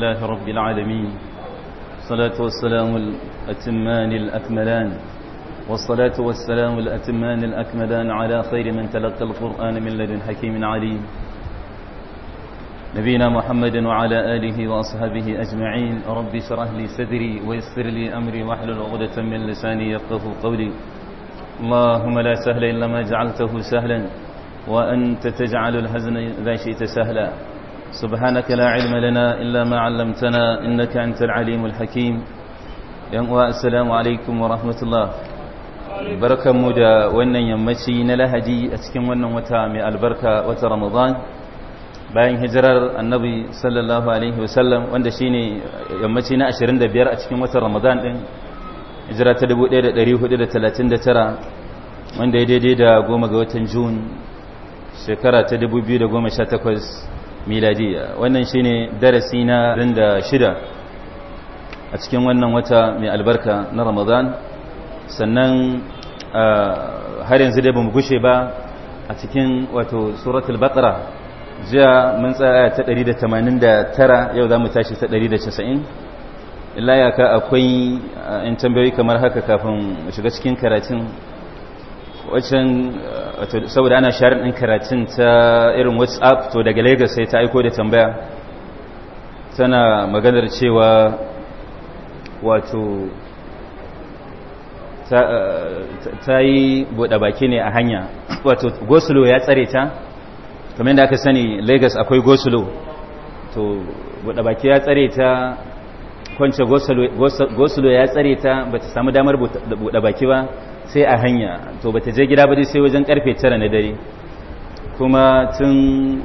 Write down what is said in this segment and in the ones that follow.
لله رب العالمين الصلاة والسلام الأتمان الأكملان والصلاة والسلام الأتمان الأكملان على خير من تلقى القرآن من لدن حكيم عليم نبينا محمد وعلى آله وأصحابه أجمعين رب شرح لي صدري ويسر لي أمري واحلل عقدة من لساني يفقه قولي اللهم لا سهل إلا ما جعلته سهلا وأنت تجعل الحزن إذا شئت سهلا سبحانك لا علم لنا إلا ما علمتنا إنك أنت العليم الحكيم ينقوى السلام عليكم ورحمة الله بركة مدى أتكم وتامي البركة وترمضان bayan hijirar annabi sallallahu alaihi wasallam wanda shine yammaci na 25 a cikin watan ramadan din hijira ta 1439 wanda ya daidai da goma ga watan jun shekara ta 2018 miladiya wannan shine darasi na da shida a cikin wannan wata mai albarka na ramadan sannan har yanzu dai ba mu gushe ba a cikin wato suratul baqara jiya mun tsaya ta 189 yau za mu tashi ta 190 illa ya ka akwai in tambayoyi kamar haka kafin shiga cikin karatun wacin eh, saboda ana shari'ar ɗin karatun ta irin whatsapp to daga lagos sai ta aiko da tambaya tana maganar cewa wato ta eh, yi buɗa baki ne a hanya wato gosulo ya tsare ta kamar da aka sani lagos akwai gosulo to buɗa baki ya tsare ta kwanci gosulo ya tsare ta ba ta samu damar buɗa baki ba sai a hanya to ba ta je gida ba sai wajen karfe tara na dare kuma tun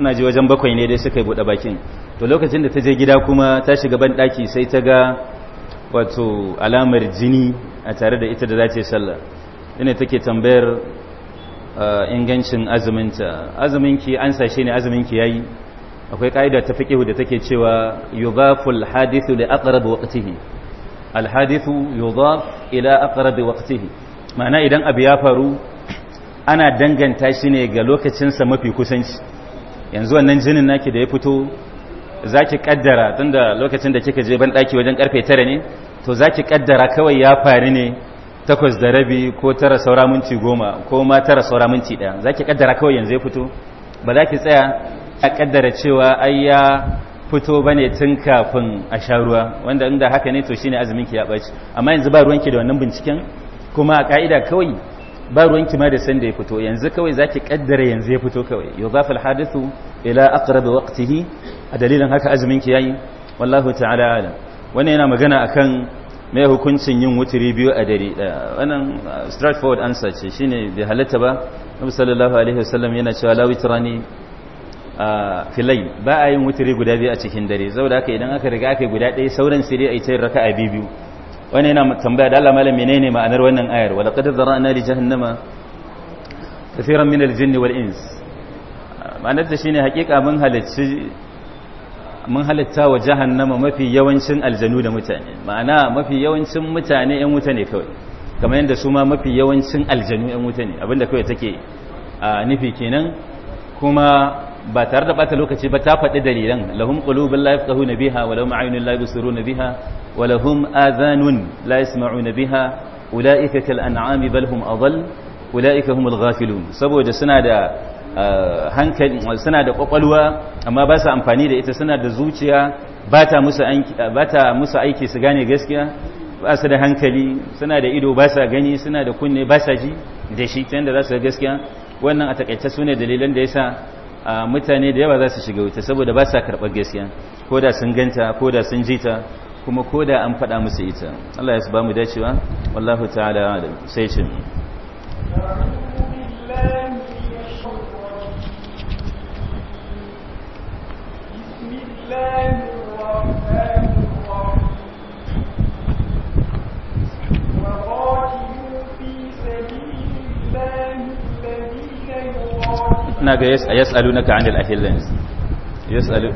na ji wajen bakwai ne dai suka yi buɗe bakin to lokacin da ta je gida kuma ta shiga ban ɗaki sai ta ga wato alamar jini a tare da ita da za ta sallah ina take tambayar eh, ingancin azuminta azuminki an sashe ne azuminki yi akwai ka'ida ta fiqhu da take cewa yudhaful hadithu da aqrab waqtihi alhadithu yudhaf ila aqrab waqtihi ma'ana idan abu ya faru ana danganta shi ne ga lokacinsa mafi kusanci yanzu wannan jinin naki da ya fito zaki kaddara tunda lokacin da kika je ban daki wajen karfe 9 ne to zaki kaddara kawai ya faru ne takwas da rabi ko tara saura minti goma ko ma tara saura minti za ki kawai yanzu ya fito ba za ki tsaya a kaddara cewa ai ya fito ba ne tun kafin a sha ruwa wanda inda haka ne to shine azumin ki ya ɓaci amma yanzu ba ruwanki da wannan binciken kuma a ka'ida kawai ba ruwanki ma da san da ya fito yanzu kawai zaki kaddara yanzu ya fito kawai yuzafal hadithu ila aqrab waqtihi a dalilin haka azumin ki yayi wallahu ta'ala alam wannan yana magana akan mai hukuncin yin wuturi biyu a dare wannan uh, straightforward answer ce shine bai halatta ba Nabi sallallahu alaihi wasallam yana cewa la witrani filai ba a yin wuturi guda biyu a cikin dare saboda haka idan aka riga aka guda ɗaya sauran sai dai a yi ta raka'a biyu wani yana tambaya da Allah malam menene ma'anar wannan ayar wala qad zara'na li jahannama kaseeran min al-jinni wal ins ma'anar ta shine hakika mun halacci mun halatta wa jahannama mafi yawancin aljanu da mutane ma'ana mafi yawancin mutane yan wuta ne kawai kamar yadda su ma mafi yawancin aljanu yan wuta ne abinda kawai take nufi kenan kuma ba tare da bata lokaci ba ta faɗi dalilan lahum qulubun la yafqahuna biha wa lahum a'yunun la yubsiruna biha wa lahum azanun la yasma'una biha ulaika kal an'ami bal hum adall ulaika humul ghafilun saboda suna da ah, hankali suna da kwakwalwa amma ba su amfani da ita suna da zuciya ba ta musu aiki su gane gaskiya ba su da hankali suna da ido ba sa gani suna da kunne ba sa ji da shi tunda za su ga gaskiya wannan a takaice su ne dalilan da ya sa mutane da yawa za su shiga wuta saboda ba sa karɓar gaskiya ko da sun ganta ko da sun jita kuma ko da an faɗa musu ita Allah ya su ba mu dacewa wallahu ta'ala sai ce na ga yas'alunaka 'anil ahillans yas'alu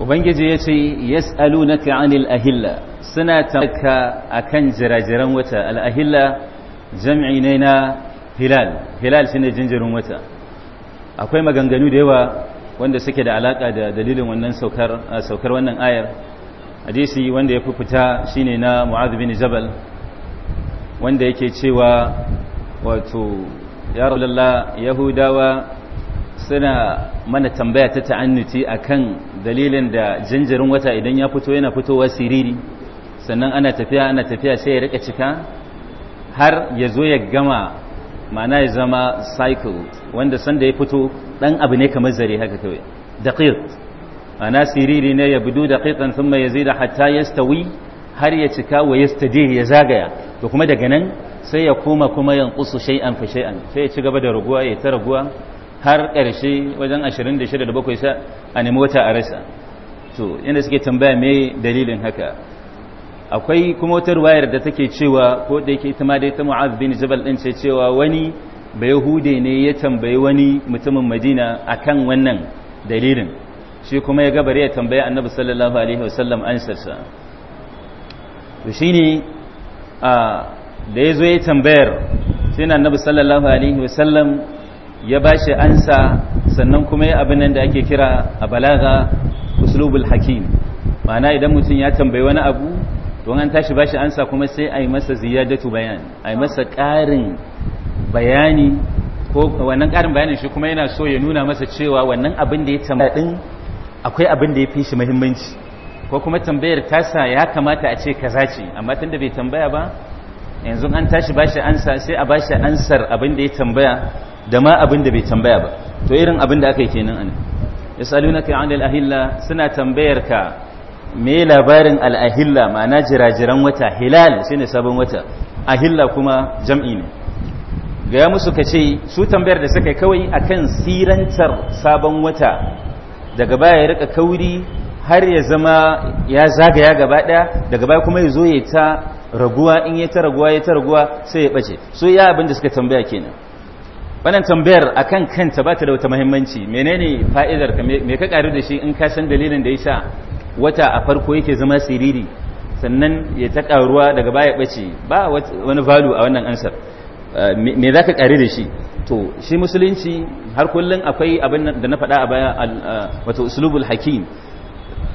Ubangiji ya ce, Yas'alunaka anil ahilla suna tamaka a kan jirajiran wata, al'ahilla jam'i ne na hilal, hilal shi ne jinjirin wata. Akwai maganganu da yawa wanda suke da alaƙa da dalilin wannan saukar wannan ayar, hadisi wanda ya fi fita shi ne na Mu'adu bin Jabal, wanda yake cewa wato ya rasulullah yahudawa suna mana tambaya ta ta'annuti akan dalilin da jinjirin wata idan ya fito yana fitowa siriri sannan ana tafiya ana tafiya sai ya rika cika har ya zo ya gama ma'ana ya zama cycle wanda sanda ya fito dan abu ne kamar zare haka kawai daqiq ana siriri ne ya budu daqiqan thumma yazida hatta yastawi har ya cika wa yastadi ya zagaya to kuma daga nan sai ya koma kuma yanqusu shay'an fa shay'an sai ya ci gaba da raguwa ya ta raguwa har ƙarshe wajen 26 da bakwai sa a nemi wata a rasa to inda suke tambaya me dalilin haka akwai kuma wata ruwayar da take cewa ko da yake ita ma dai ta mu'az bin Jabal din ce cewa wani bayahude ne ya tambayi wani mutumin Madina akan wannan dalilin shi kuma ya gabare ya tambaya Annabi sallallahu alaihi wasallam ansarsa to shine a da ya zo ya tambayar sai na annabi sallallahu alaihi wasallam ya ba shi ansa sannan kuma ya abin nan da ake kira a balaga uslubul hakim ma'ana idan mutum ya tambayi wani abu don an tashi ba shi ansa kuma sai a yi masa ziyadatu bayan a yi masa ƙarin bayani ko wannan ƙarin bayanin shi kuma yana so ya nuna masa cewa wannan abin da ya tambaya din akwai abin da ya fi shi muhimmanci ko kuma tambayar tasa ya kamata a ce kaza ce amma tunda bai tambaya ba yanzu an tashi ba shi ansa sai a ba shi ansar abin da ya tambaya da ma abin da bai tambaya ba to irin abin da aka yi kenan an yasalunaka an al-ahilla suna tambayar ka me labarin al-ahilla jira-jiran wata hilal shine sabon wata ahilla kuma jam'i ne gaya musu kace su tambayar da suka yi kawai akan sirantar sabon wata daga baya ya rika kauri har ya zama ya zagaya gaba daya daga baya kuma ya zo ya ta raguwa in ya ta raguwa ya ta raguwa sai ya ɓace so ya abin da suka tambaya kenan wannan tambayar akan kanta ba ta da wata muhimmanci menene fa'idar ka me ka karu da shi in ka san dalilin da ya sa wata a farko yake zama siriri sannan ya ta karuwa daga baya ɓace ba wani value a wannan ansar eh, me za ka karu da shi to shi musulunci har kullum akwai abin da na faɗa a baya eh, wato uslubul hakim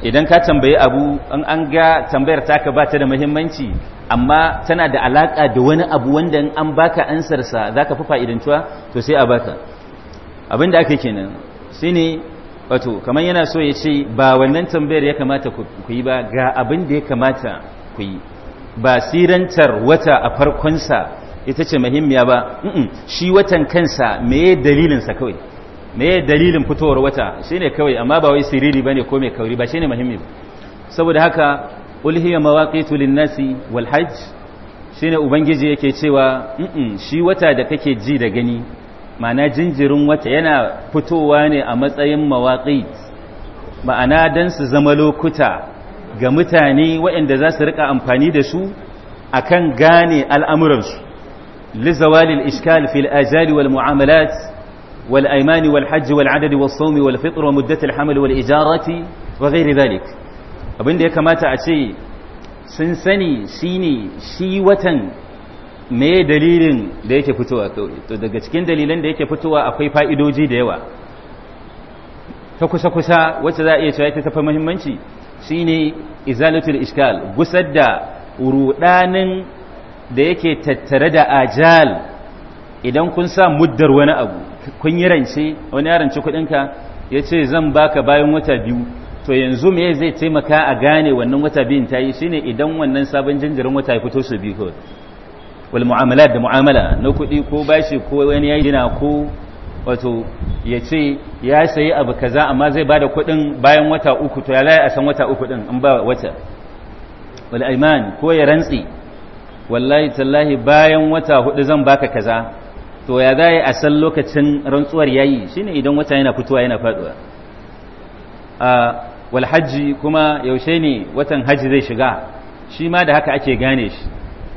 idan ka tambayi abu an an ga tambayar taka ba ta da muhimmanci amma tana da alaka da wani abu wanda an baka ansarsa za ka fi fa'idantuwa to sai a baka abin da ake kenan shi ne wato kamar yana so ya ce ba wannan tambayar ya kamata ku yi ba ga abin da ya kamata ku yi ba sirantar wata a farkonsa ita ce muhimmiya ba shi watan kansa me dalilinsa kawai me dalilin fitowar wata ne kawai amma ba wai siriri bane ko mai kauri ba ne muhimmi saboda haka ulhiya mawaqitu linnasi nasi shine ubangiji yake cewa shi wata da kake ji da gani ma'ana jinjirin wata yana fitowa ne a matsayin mawaqit ma'ana dan su zama lokuta ga mutane waɗanda za su rika amfani da su kan gane al'amuransu lizawalil ishkal fil ajali wal mu'amalat والأيمان والحج والعدد والصوم والفطر ومدة الحمل walijarati وغير ذلك abin da ya kamata a ce sun sani shine shi watan me dalilin da yake fitowa kawai to daga cikin dalilan da yake fitowa akwai fa'idodi da yawa ta kusa-kusa wacce za a iya cewa ta tafi muhimmanci shine izalatul iskal gusar da rudanin da yake tattare da ajal idan kun sa muddar wani abu kun yi rance wani ya rance kuɗinka ya ce zan baka bayan wata biyu to yanzu me zai taimaka a gane wannan wata biyun ta yi shine idan wannan sabon jinjirin wata ya fito su biyu kawai wal mu'amalat da mu'amala na kuɗi ko bashi ko wani ya gina ko wato ya ce ya sayi abu kaza amma zai bada kuɗin bayan wata uku to ya laye a san wata uku ɗin in ba wata wal aiman ko ya rantsi wallahi tallahi bayan wata hudu zan baka kaza to ya za a san lokacin rantsuwar yayi shine idan wata yana fitowa yana faduwa a wal kuma yaushe ne watan hajji zai shiga shi ma da haka ake gane shi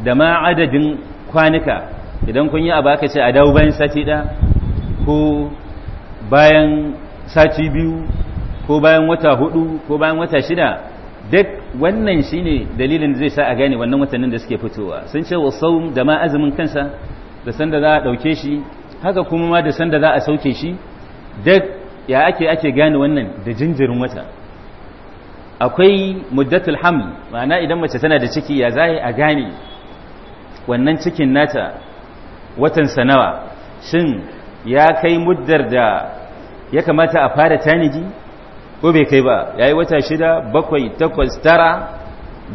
da ma adadin kwanuka idan kun yi abu aka ce a dawo bayan sati ɗaya ko bayan sati biyu ko bayan wata hudu ko bayan wata shida duk wannan shine dalilin da zai sa a gane wannan watannin da suke fitowa sun ce wa saum da ma azumin kansa da sanda za a ɗauke shi haka kuma ma da sanda za a sauke shi duk ya ake ake gane wannan da jinjirin wata akwai muddatul haml ma'ana idan mace tana da ciki ya zai a gane wannan cikin nata watan sanawa shin ya kai muddar da ya kamata a fara taniji ko bai kai ba yayi wata shida bakwai takwas tara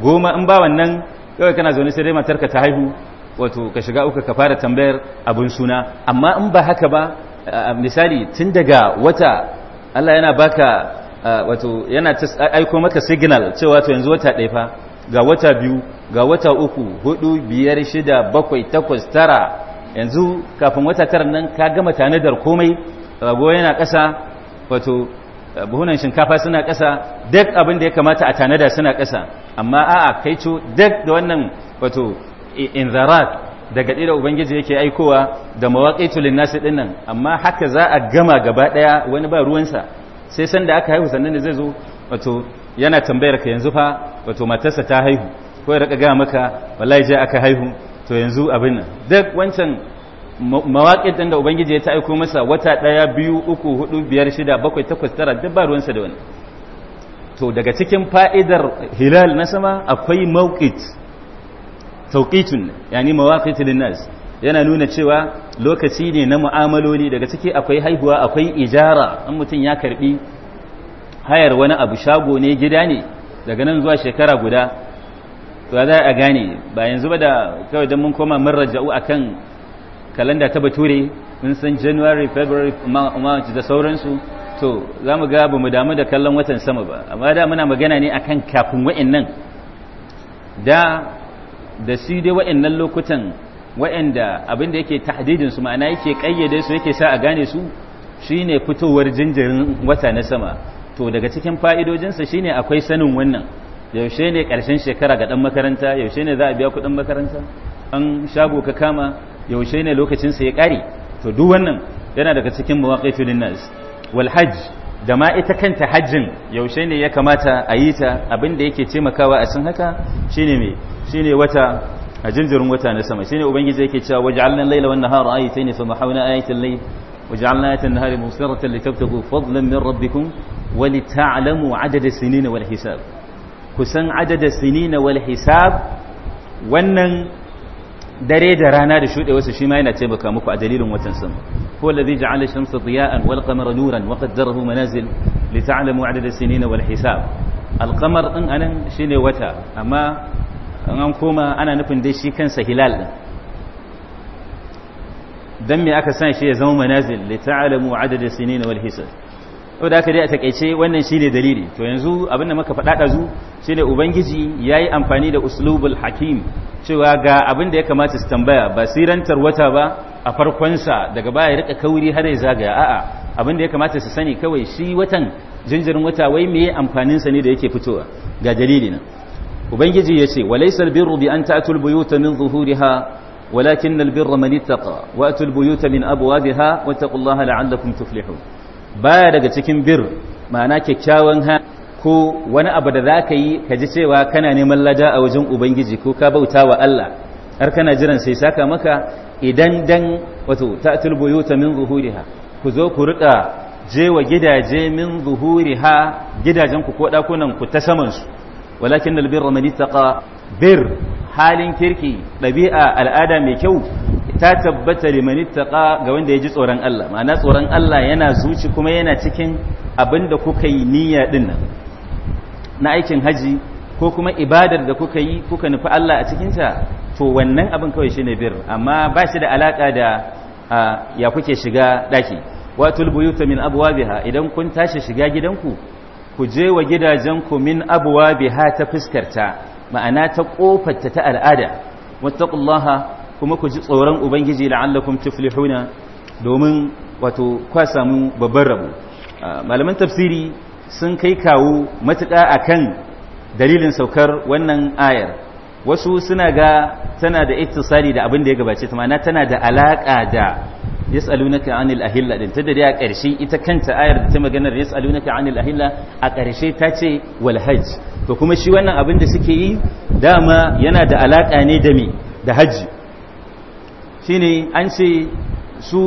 goma in ba wannan kawai kana zaune sai dai matarka ta haihu wato ka shiga uku ka fara tambayar abin suna amma in ba haka ba misali tun daga wata Allah yana baka wato yana aiko maka signal cewa to yanzu wata ɗaya ga wata biyu ga wata uku hudu biyar shida bakwai takwas tara yanzu kafin wata tara nan ka gama tanadar komai rago yana ƙasa wato buhunan shinkafa suna kasa duk abin da ya kamata a tanada suna kasa amma a'a kai co duk da wannan wato inzarat daga ɗira ubangiji yake aikowa da mawaƙaitu nasi ɗin nan amma haka za a gama gaba ɗaya wani ba ruwansa sai san da aka haihu sannan da zai zo wato yana tambayar ka yanzu fa wato matarsa ta haihu ko ya raka gaya maka wallahi je aka haihu to yanzu abin nan duk wancan mawaƙin ɗin da ubangiji ya ta aiko masa wata ɗaya biyu uku hudu biyar shida bakwai takwas tara duk ba ruwansa da wani to daga cikin fa'idar hilal na sama akwai mawqit tauqitun yani mawaƙitun linnas yana nuna cewa lokaci ne na mu'amaloli daga ciki akwai haihuwa akwai ijara an mutum ya karɓi hayar wani abu shago ne gida ne daga nan zuwa shekara guda to za a gane ba yanzu ba da kawai don mun koma mun raja'u kan kalanda ta bature mun san january february march da sauransu to za mu ga ba mu damu da kallon watan sama ba amma da muna magana ne akan kafin wa'in nan da da su dai wa'annan lokutan wa'anda abin da yake tahdidin su ma'ana yake kayyade su yake sa a gane su shine fitowar jinjirin wata na sama to daga cikin fa'idojinsa shine akwai sanin wannan yaushe ne ƙarshen shekara ga dan makaranta yaushe ne za a biya kuɗin makaranta an shago ka kama yaushe ne lokacinsa ya ƙare to duk wannan yana daga cikin mawaƙifin nas wal da ma ita kanta hajjin yaushe ne ya kamata a yi ta abin da yake taimakawa a sun haka shine mai shine wata a jinjirin wata na sama shine ubangiji yake cewa waj'alna layla wan nahara ayatayn fa mahawna ayatal layl waj'alna ayatan nahari mubsiratan litabtagu fadlan min rabbikum wa lita'lamu adada sinina wal hisab kusan adada sinina wal hisab wannan dare da rana da shuɗe wasu shi ma yana taimaka muku a dalilin watan sama ko alladhi ja'ala shamsa diya'an wal qamara nuran wa qaddarahu manazil lita'lamu adada sinina wal hisab al-qamar din anan shine wata amma an an koma ana nufin dai shi kansa hilal din dan me aka san shi ya zama manazil li ta'lamu adada sinin wal hisab to da aka dai a takeice wannan shine dalili to yanzu abin da muka faɗa shi shine ubangiji ya yi amfani da uslubul hakim cewa ga abin da ya kamata su tambaya ba sirantar wata ba a farkonsa sa daga baya ya rika kauri har ya zagaya a'a abin da ya kamata su sani kawai shi watan jinjirin wata wai me amfanin sa ne da yake fitowa ga dalili nan ubangiji ce walaysal birru bi an ta'tul buyuta min zuhuriha walakin al birra man ittaqa wa atul buyuta min abwabiha wattaqullaha la'allakum tuflihun baya daga cikin bir ma'ana kyakkyawan ha ko wani abu da zaka yi ka ji cewa kana neman lada a wajen ubangiji ko ka bauta wa Allah har kana jiran sai saka maka idan dan wato ta'tul buyuta min zuhuriha ku zo ku rika je wa gidaje min zuhuriha gidajen ku ko dakunan ku ta saman su walakin albirra man ittaqa bir halin kirki ɗabi'a al'ada mai kyau ta tabbata liman ittaqa ga wanda ya ji tsoron Allah ma'ana tsoron Allah yana zuci kuma yana cikin abin da kuka yi niyya din na aikin haji ko kuma ibadar da kuka yi kuka nufi Allah a cikinta to wannan abin kawai shine bir amma ba shi da alaka da ya kuke shiga daki watul buyuta min abwabiha idan kun tashi shiga gidanku ku je wa gidajenku min abuwa biha ta fuskarta ma'ana ta kofarta ta al'ada wattaqullaha kuma ku ji tsoron ubangiji la'allakum tuflihuna domin wato kwa samu babban rabo ah, malaman tafsiri sun kai kawo matuƙa akan dalilin saukar wannan ayar wasu suna ga tana da ittisali da abin da ya gabace ta ma'ana tana da alaƙa da yas'alunaka anil ahilla din tunda dai a ƙarshe ita kanta ayar da ta maganar yas'alunaka anil ahilla a ƙarshe ta ce wal hajj to kuma shi wannan abin da suke yi dama yana da alaka ne da me da hajji shine an ce su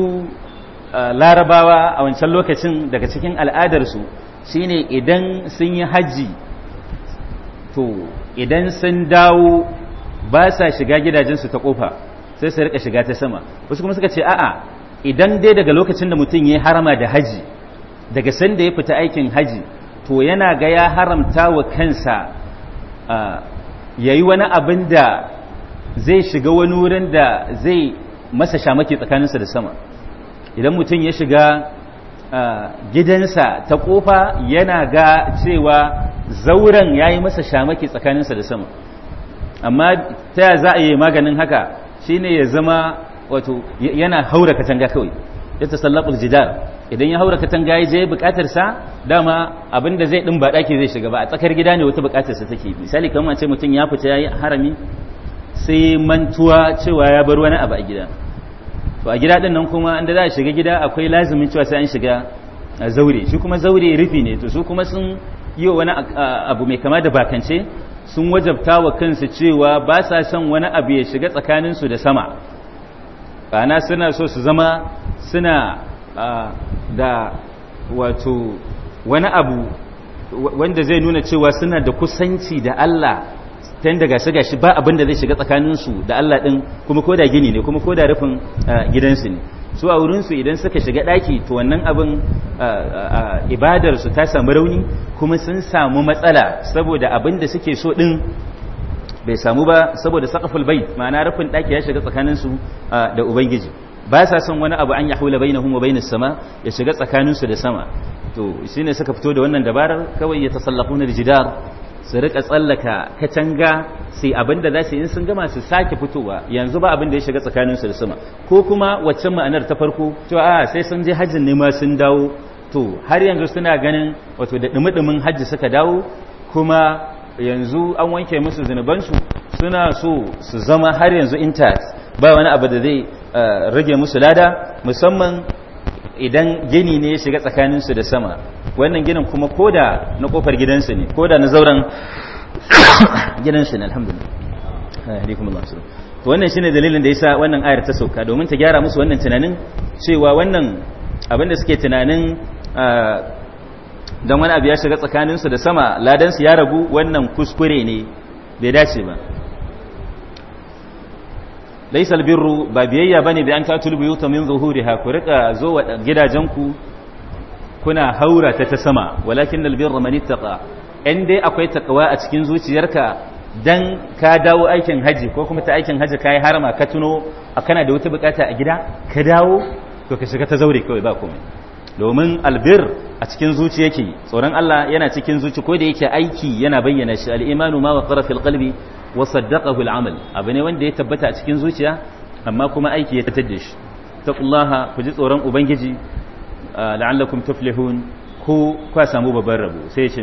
larabawa a wancan lokacin daga cikin al'adar su shine idan sun yi hajji to idan sun dawo ba sa shiga su ta kofa sai su rika shiga ta sama wasu kuma suka ce a'a idan dai daga lokacin da mutum ya harama da haji daga sanda ya fita aikin haji to yana ga ya haramta wa kansa ya yi wani abin da zai shiga wani wurin da zai masa shamaki tsakaninsa da sama idan mutum ya shiga gidansa ta kofa yana ga cewa zauren ya yi masa shamaki tsakaninsa da sama amma ta za a yi maganin haka ne ya zama wato yana haura katanga kawai ya tasallaqul jidar idan ya haura katanga ya je bukatar sa dama abinda zai din ba daki zai shiga ba a tsakar gida ne wata bukatar sa take misali kamar ce mutum ya fita yayi harami sai mantuwa cewa ya bar wani abu a gida to a gida din nan kuma inda za a shiga gida akwai lazimin cewa sai an shiga zaure shi kuma zaure rufi ne to su kuma sun yi wani abu mai kama da bakance sun wajabta wa kansu cewa ba sa son wani abu ya shiga tsakaninsu da sama bana suna so su zama suna da wato wani abu wanda zai nuna cewa suna da kusanci da Allah ta daga shiga shi ba abin da zai shiga tsakaninsu da Allah ɗin kuma ko da gini ne kuma ko da rufin gidansu ne su a wurinsu idan suka shiga ɗaki to wannan abin ibadarsu ta samu rauni kuma sun samu matsala saboda abin da suke so ɗin bai samu ba saboda saqaful bai ma'ana rufin daki ya shiga tsakanin su da ubangiji ba sa son wani abu an yahula bainahum wa bainas sama ya shiga tsakanin su da sama to shine suka fito da wannan dabarar kawai ya tasallaquna jidar su rika tsallaka katanga sai abinda za su in sun gama su sake fitowa yanzu ba abinda ya shiga tsakanin su da sama ko kuma waccan ma'anar ta farko to a ah, sai sun je hajjin ne ma sun dawo to har yanzu suna ganin wato da dumin hajji suka dawo kuma yanzu an wanke musu zunubansu suna so su zama har yanzu intact ba wani abu da zai eh, rage musu lada musamman idan gini ne ya shiga tsakaninsu da sama wannan ginin kuma koda na kofar gidansu ne koda na zauren gidansu ne alhamdulillah eh, to wannan shine dalilin da yasa wannan ayar ta sauka domin ta gyara musu wannan tunanin cewa wannan abin da suke tunanin eh, don wani abu ya shiga tsakaninsu da sama ladansu ya ragu wannan kuskure ne bai dace ba laisal birru ba biyayya bane bi an tulbu yuta min zuhuriha ku rika zo wa gidajenku kuna haura ta ta sama walakin albirra man ittaqa in dai akwai takawa a cikin zuciyarka dan ka dawo aikin haji ko kuma ta aikin haji kai harama ka tuno kana da wata bukata a gida ka dawo to ka shiga ta zaure kawai ba komai domin albir a cikin zuci yake tsoron Allah yana cikin zuci ko da yake aiki yana bayyana shi al-imanu ma wa fil qalbi wa saddaqahu al abu ne wanda ya tabbata a cikin zuciya amma kuma aiki ya tattar shi taqullaha ku ji tsoron ubangiji la'allakum tuflihun ko ku samu babban rabo sai ya ce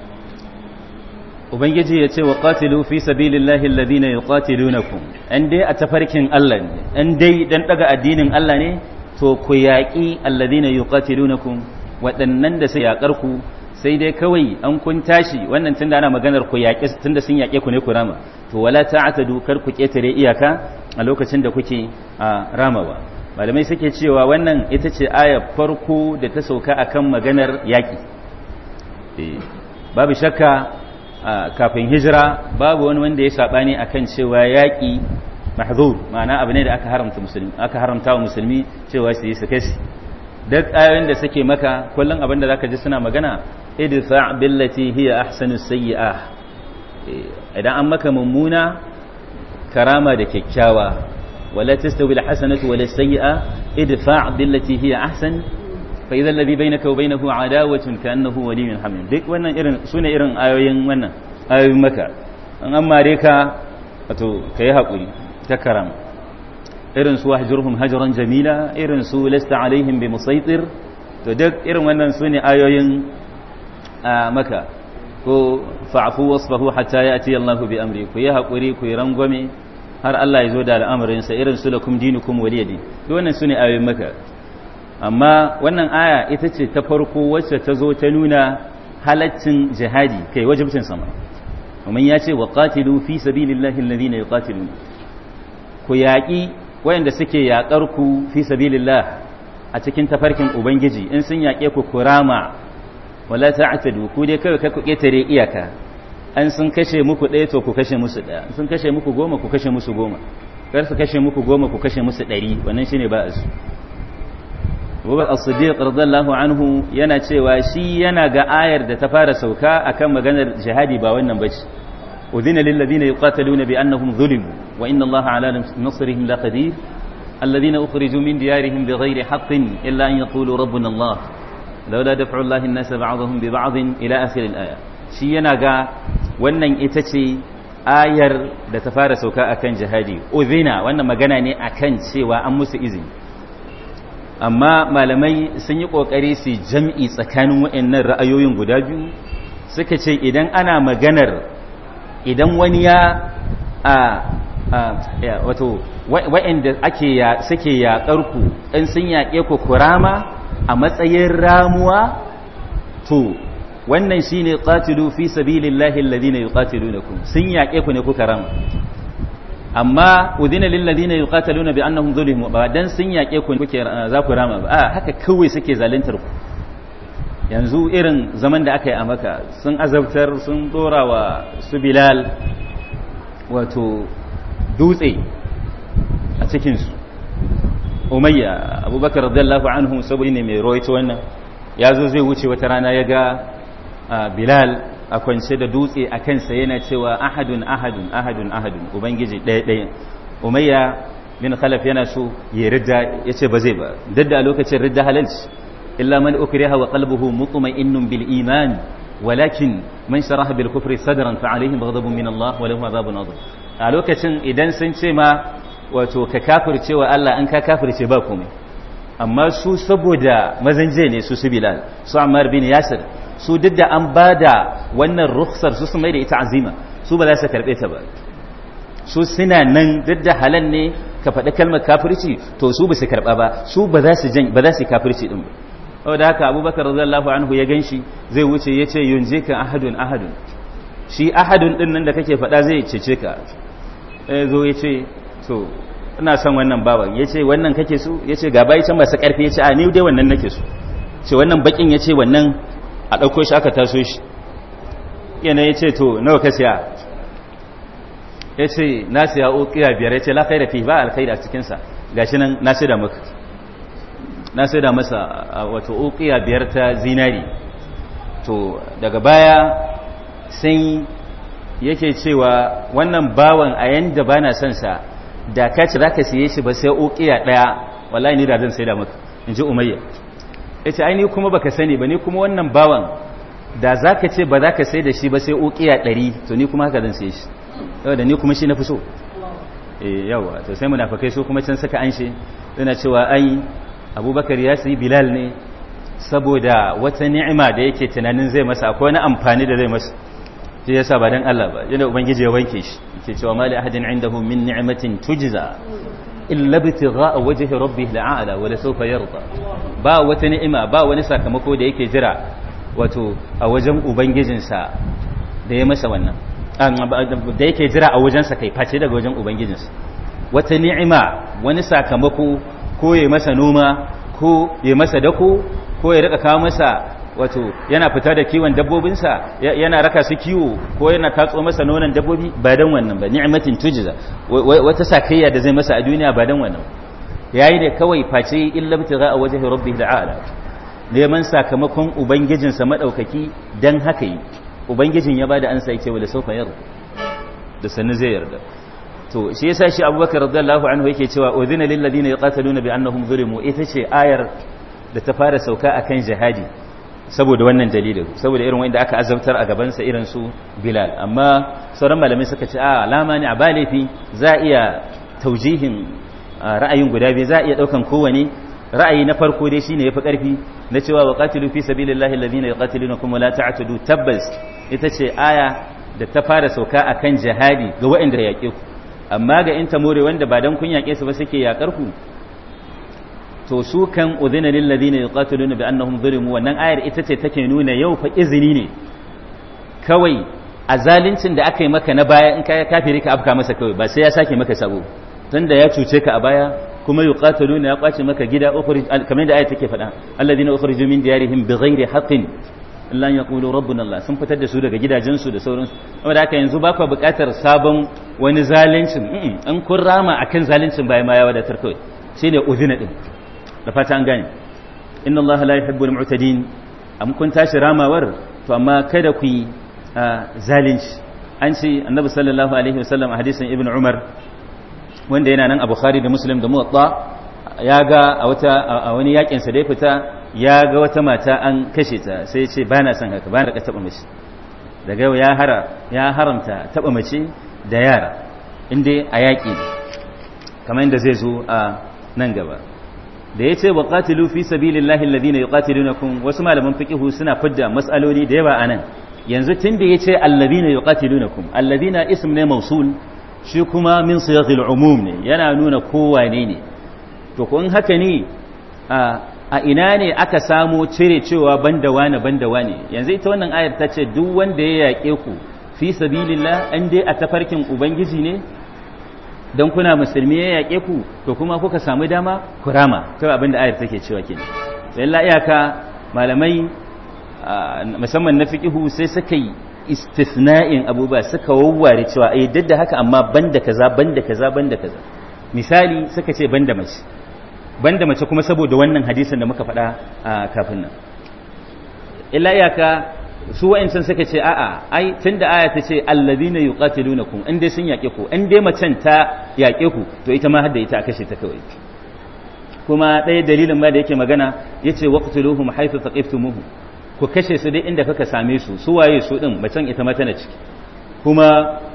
ubangiji ya ce wa ƙatilu fi sabilillahi alladhina yuqatilunakum an dai a tafarkin Allah ne an dai dan daga addinin Allah ne to ku yaqi alladhina yuqatilunakum waɗannan da sai yaƙar ku sai dai kawai an kun tashi wannan tunda ana maganar ku tun tunda sun yaƙe ku ne ku rama to wala ta'tadu kar ku ketare iyaka a lokacin da kuke a ramawa malamai suke cewa wannan ita ce aya farko da ta sauka akan maganar yaƙi eh, babu shakka kafin hijira babu wani wanda ya sabani akan cewa yaƙi mahzur ma'ana abu ne da aka haramta musulmi aka haramta wa musulmi cewa su yi sakasi duk ayoyin da suke maka kullum abin da zaka ji suna magana idfa billati hiya ahsanu sayyi'ah eh, idan an maka mummuna karama da kyakkyawa wala tastawi hasanatu wala sayyi'ah idfa billati hiya ahsan fa idan ladhi bainaka wa bainahu adawatun ka annahu waliyyun hamim duk wannan irin sune irin ayoyin wannan ayoyin maka an amare ka wato kai hakuri ta karam irin su wahjurhum jamila irin su lasta alaihim bi musaitir to duk irin wannan sune ayoyin maka ko fa'fu wasfahu hatta ya'ti Allahu bi amri ku yi hakuri ku yi rangwame har Allah ya zo da al'amarinsa irin su lakum maka amma wannan aya ita ce ta farko wacce ta zo ta nuna halaccin jihadi kai wajibcin sama domin ya ce wa qatilu fi sabilillahi alladhina yuqatilun ku yaƙi wayanda suke yaƙar ku fi sabilillah a cikin tafarkin ubangiji in sun yaƙe ku kurama wala ta'tadu ku dai kawai ku ketare iyaka an sun kashe muku ɗaya to ku kashe musu ɗaya sun kashe muku goma ku kashe musu goma kar su kashe muku goma ku kashe musu ɗari wannan shine ba su Abubakar As-Siddiq radiyallahu anhu yana cewa shi yana ga ayar da ta fara sauka akan maganar jihadi ba wannan bace udhina lil ladina yuqataluna bi annahum zulimu wa inna Allaha ala nasrihim laqadir alladhina ukhriju min diyarihim bighairi haqqin illa an yaqulu rabbuna Allah laula daf'u Allahi an-nasa ba'dahum bi ba'd ila akhir al-aya shi yana ga wannan ita ce ayar da ta fara sauka akan jihadi udhina wannan magana ne akan cewa an musu izini amma malamai sun yi ƙoƙari su jam'i tsakanin waɗannan ra'ayoyin guda biyu suka ce idan ana maganar idan wani ya a wato waɗanda ake suke yaƙar ku in sun yaƙe ku kurama a matsayin ramuwa to wannan shine qatilu fi sabilillahi alladhina yuqatilunakum sun yaƙe ku ne kuka rama amma udina lil ladina yuqataluna bi annahum zulimu ba dan sun yake ku kuke eh, za ku rama ba a haka kawai suke zaluntar ku yanzu irin zaman da aka yi a maka sun azabtar sun dora wa su bilal wato dutse a su umayya abubakar radiyallahu anhu saboda ne mai roito wannan ya zo zai wuce wata rana ya ga ah, bilal a kwance da dutse a kansa yana cewa ahadun ahadun ahadun ahadun ubangiji ɗaya ɗaya umayya bin khalaf yana so ya ridda ya ce ba zai ba duk da a lokacin ridda halalci illa man ukriha wa qalbuhu mutma'innun bil iman walakin man sharaha bil kufri sadran fa alaihim ghadabun min Allah wa lahum adhabun adhim a lokacin idan sun ce ma wato ka kafirce wa Allah an ka kafirce ba komai amma su saboda mazanje ne su su Bilal su Ammar bin Yasir su duk da an ba da wannan rukhsar su su mai da ita azima su ba za su karɓe ta ba su suna nan duk da halal ne ka faɗi kalmar kafirci to su ba su karɓa ba su ba za su jan ba za su kafirci din ba saboda haka abubakar radiyallahu anhu ya ganshi zai wuce ya ce ka ahadun ahadun shi ahadun din nan da kake faɗa zai cece ka zo ya ce to ina son wannan baban ya ce wannan kake so ya ce ga bai can masu ƙarfi ya ce a ni dai wannan nake so ce wannan bakin ya ce wannan a ɗauko shi aka taso shi yana ya ce to nawa ka siya ya ce na siya kira biyar ya ce la da fi ba alkhaira cikinsa ga shi nan na da maka na da masa wato kira biyar ta zinari to daga baya sai yake cewa wannan bawan a yanda ba na son sa da ka ci za ka siye shi ba sai kira ɗaya wallahi ni da zan sai da maka in ji umayya ya ce aini kuma baka sani ba ni kuma wannan bawan da za ka ce ba za ka sai da shi ba sai ukiya ɗari to ni kuma haka zan sai shi yau da ni kuma shi na fi so eh, yawa to sai munafakai so kuma can saka an shi yana cewa ai abubakar ya sayi bilal ne saboda wata ni'ima da yake tunanin zai masa akwai wani amfani da zai masa shi yasa ba dan Allah ba yana ubangiji ya wanke shi yake cewa mali ahadin indahu min ni'matin tujiza. illa bitigha a rabbih rabbi la'ala wala sawfa yarda ba wata ni'ima ba wani sakamako da yake jira wato a wajen ubangijinsa da ya masa wannan da yake jira a wajen sa kai face daga wajen ubangijinsa wata ni'ima wani sakamako ko ya masa noma ko ya masa dako ko ya rika kawo masa wato yana fita da kiwon dabbobinsa yana raka su kiwo ko yana tatso masa nonon dabbobi ba don wannan ba ni'matin tujza wata sakayya da zai masa a duniya ba dan wannan yayi ne kawai face illa btiga a wajhi rabbihi ala neman sakamakon ubangijinsa madaukaki dan haka yi ubangijin ya bada ansa yake wala saufa yarda da sanin zai yarda to shi yasa shi abubakar radiyallahu anhu yake cewa udhina lil ladina yuqataluna bi annahum zulimu ita ce ayar da ta fara sauka akan jihadi saboda wannan dalilin saboda irin wanda aka azabtar a gabansa irin su bilal amma sauran malamai suka ce a alama ne a ba laifi za a iya taujihin ra'ayin guda biyu za a iya ɗaukan kowane ra'ayi na farko dai shine yafi karfi na cewa wa qatilu fi sabilillahi alladhina kuma la ta'tadu tabbas ita ce aya da ta fara sauka akan jihadi ga waɗanda yaƙe ku amma ga in more wanda ba dan kun yaƙe su ba suke yaƙar ku to su kan udhina lil ladina yuqatiluna bi annahum zulimu wannan ayar ita ce take nuna yau fa izini ne kawai a zaluncin da aka yi maka na baya in ka kafiri ka afka masa kawai ba sai ya sake maka sabo tunda ya cuce ka a baya kuma yuqatiluna ya kwace maka gida ukhrij kamar da ayar take faɗa alladina ukhriju min diyarihim bighairi haqqin illa an yaqulu rabbuna Allah sun fitar da su daga gidajensu da sauransu amma da aka yanzu ba ku buƙatar sabon wani zaluncin. in kun rama akan zaluncin bayan ma ya wadatar kawai shine udhina din da fata an gane inna allaha la yuhibbul mu'tadin am kun tashi ramawar to amma kada ku yi zalunci an ce annabi sallallahu alaihi wasallam a hadisin ibn umar wanda yana nan a bukhari da muslim da muwatta ya ga a wata a wani yakin sa da ya fita ya ga wata mata an kashe ta sai ya ce ba na son haka ba na taba mace daga yau ya hara ya haramta taba mace da yara inda a yaki kamar yadda zai zo a nan gaba da ya ce wa qatilu fi sabilillahi alladhina yuqatilunakum wasu malaman fiqhu suna fidda mas'aloli da yawa anan yanzu tun da ya ce alladhina yuqatilunakum alladhina ism ne mausul shi kuma min siyaghil umum ne yana nuna kowane ne to kun haka ne a ina ne aka samo cire cewa banda wane banda wane yanzu ita wannan ayar ta ce duk wanda ya yaƙe ku fi sabilillah an dai a tafarkin ubangiji ne don kuna musulmi ya yaƙe ku to kuma kuka samu dama ku rama ta abin da ayar take cewa ke sai la iyaka malamai musamman na fiqihu sai suka yi istisna'in abubuwa suka wawware cewa ai eh, duk da haka amma banda kaza banda kaza banda kaza misali suka ce banda mace banda mace kuma saboda wannan hadisin da muka faɗa kafin nan illa iyaka su wa'ancan suka ce a'a ai da aya ta ce allazina yuqatilunakum in dai sun yaƙe ku in macen ta yaƙe ku to ita ma hadda ita kashe ta kawai kuma ɗaya dalilin ma da yake magana yace waqtuluhum haythu taqiftumuhu ku kashe su dai inda kaka same su su waye su din macen ita ma tana ciki kuma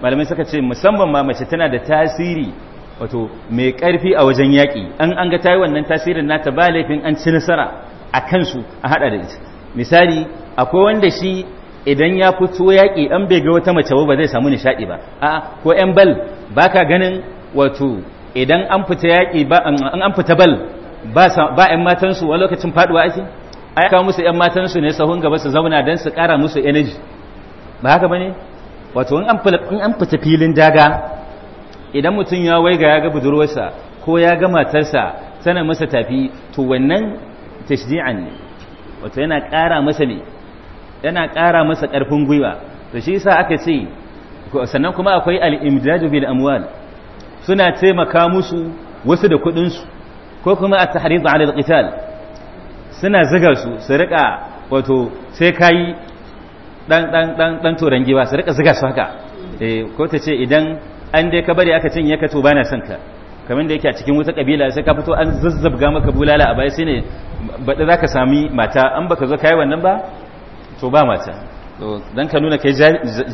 malamai suka ce musamman ma mace tana da tasiri wato mai ƙarfi a wajen yaƙi an an ga ta yi wannan tasirin nata ba laifin an ci nasara a kansu a hada da ita misali akwai wanda shi idan ya fito yaƙi an bai ga wata mace ba zai samu nishaɗi ba a'a ko ƴan bal ba ka ganin wato idan an fita yaƙi ba an fita bal ba ƴan matansu a lokacin faɗuwa ake ai kawo musu ƴan matansu ne sahun gaba su zauna don su ƙara musu energy ba haka ne wato in an fita filin daga idan mutum ya waiga ya ga budurwarsa ko ya ga matarsa tana masa tafi to wannan tashdi'an ne wato yana ƙara masa ne yana ƙara masa ƙarfin gwiwa to shi yasa aka ce sannan kuma akwai al bil amwal suna taimaka musu wasu da kuɗin su ko kuma at-tahrid 'ala al-qital suna ziga su su rika wato sai kai dan dan dan dan giwa su rika ziga su haka eh ko ta ce idan an dai ka bari aka cinye ka to bana son ka kamar da yake a cikin wata kabila sai ka fito an zazzabga maka bulala a baya sai ne baɗi za ka sami mata an baka zo kai wannan ba to ba mata dan ka nuna kai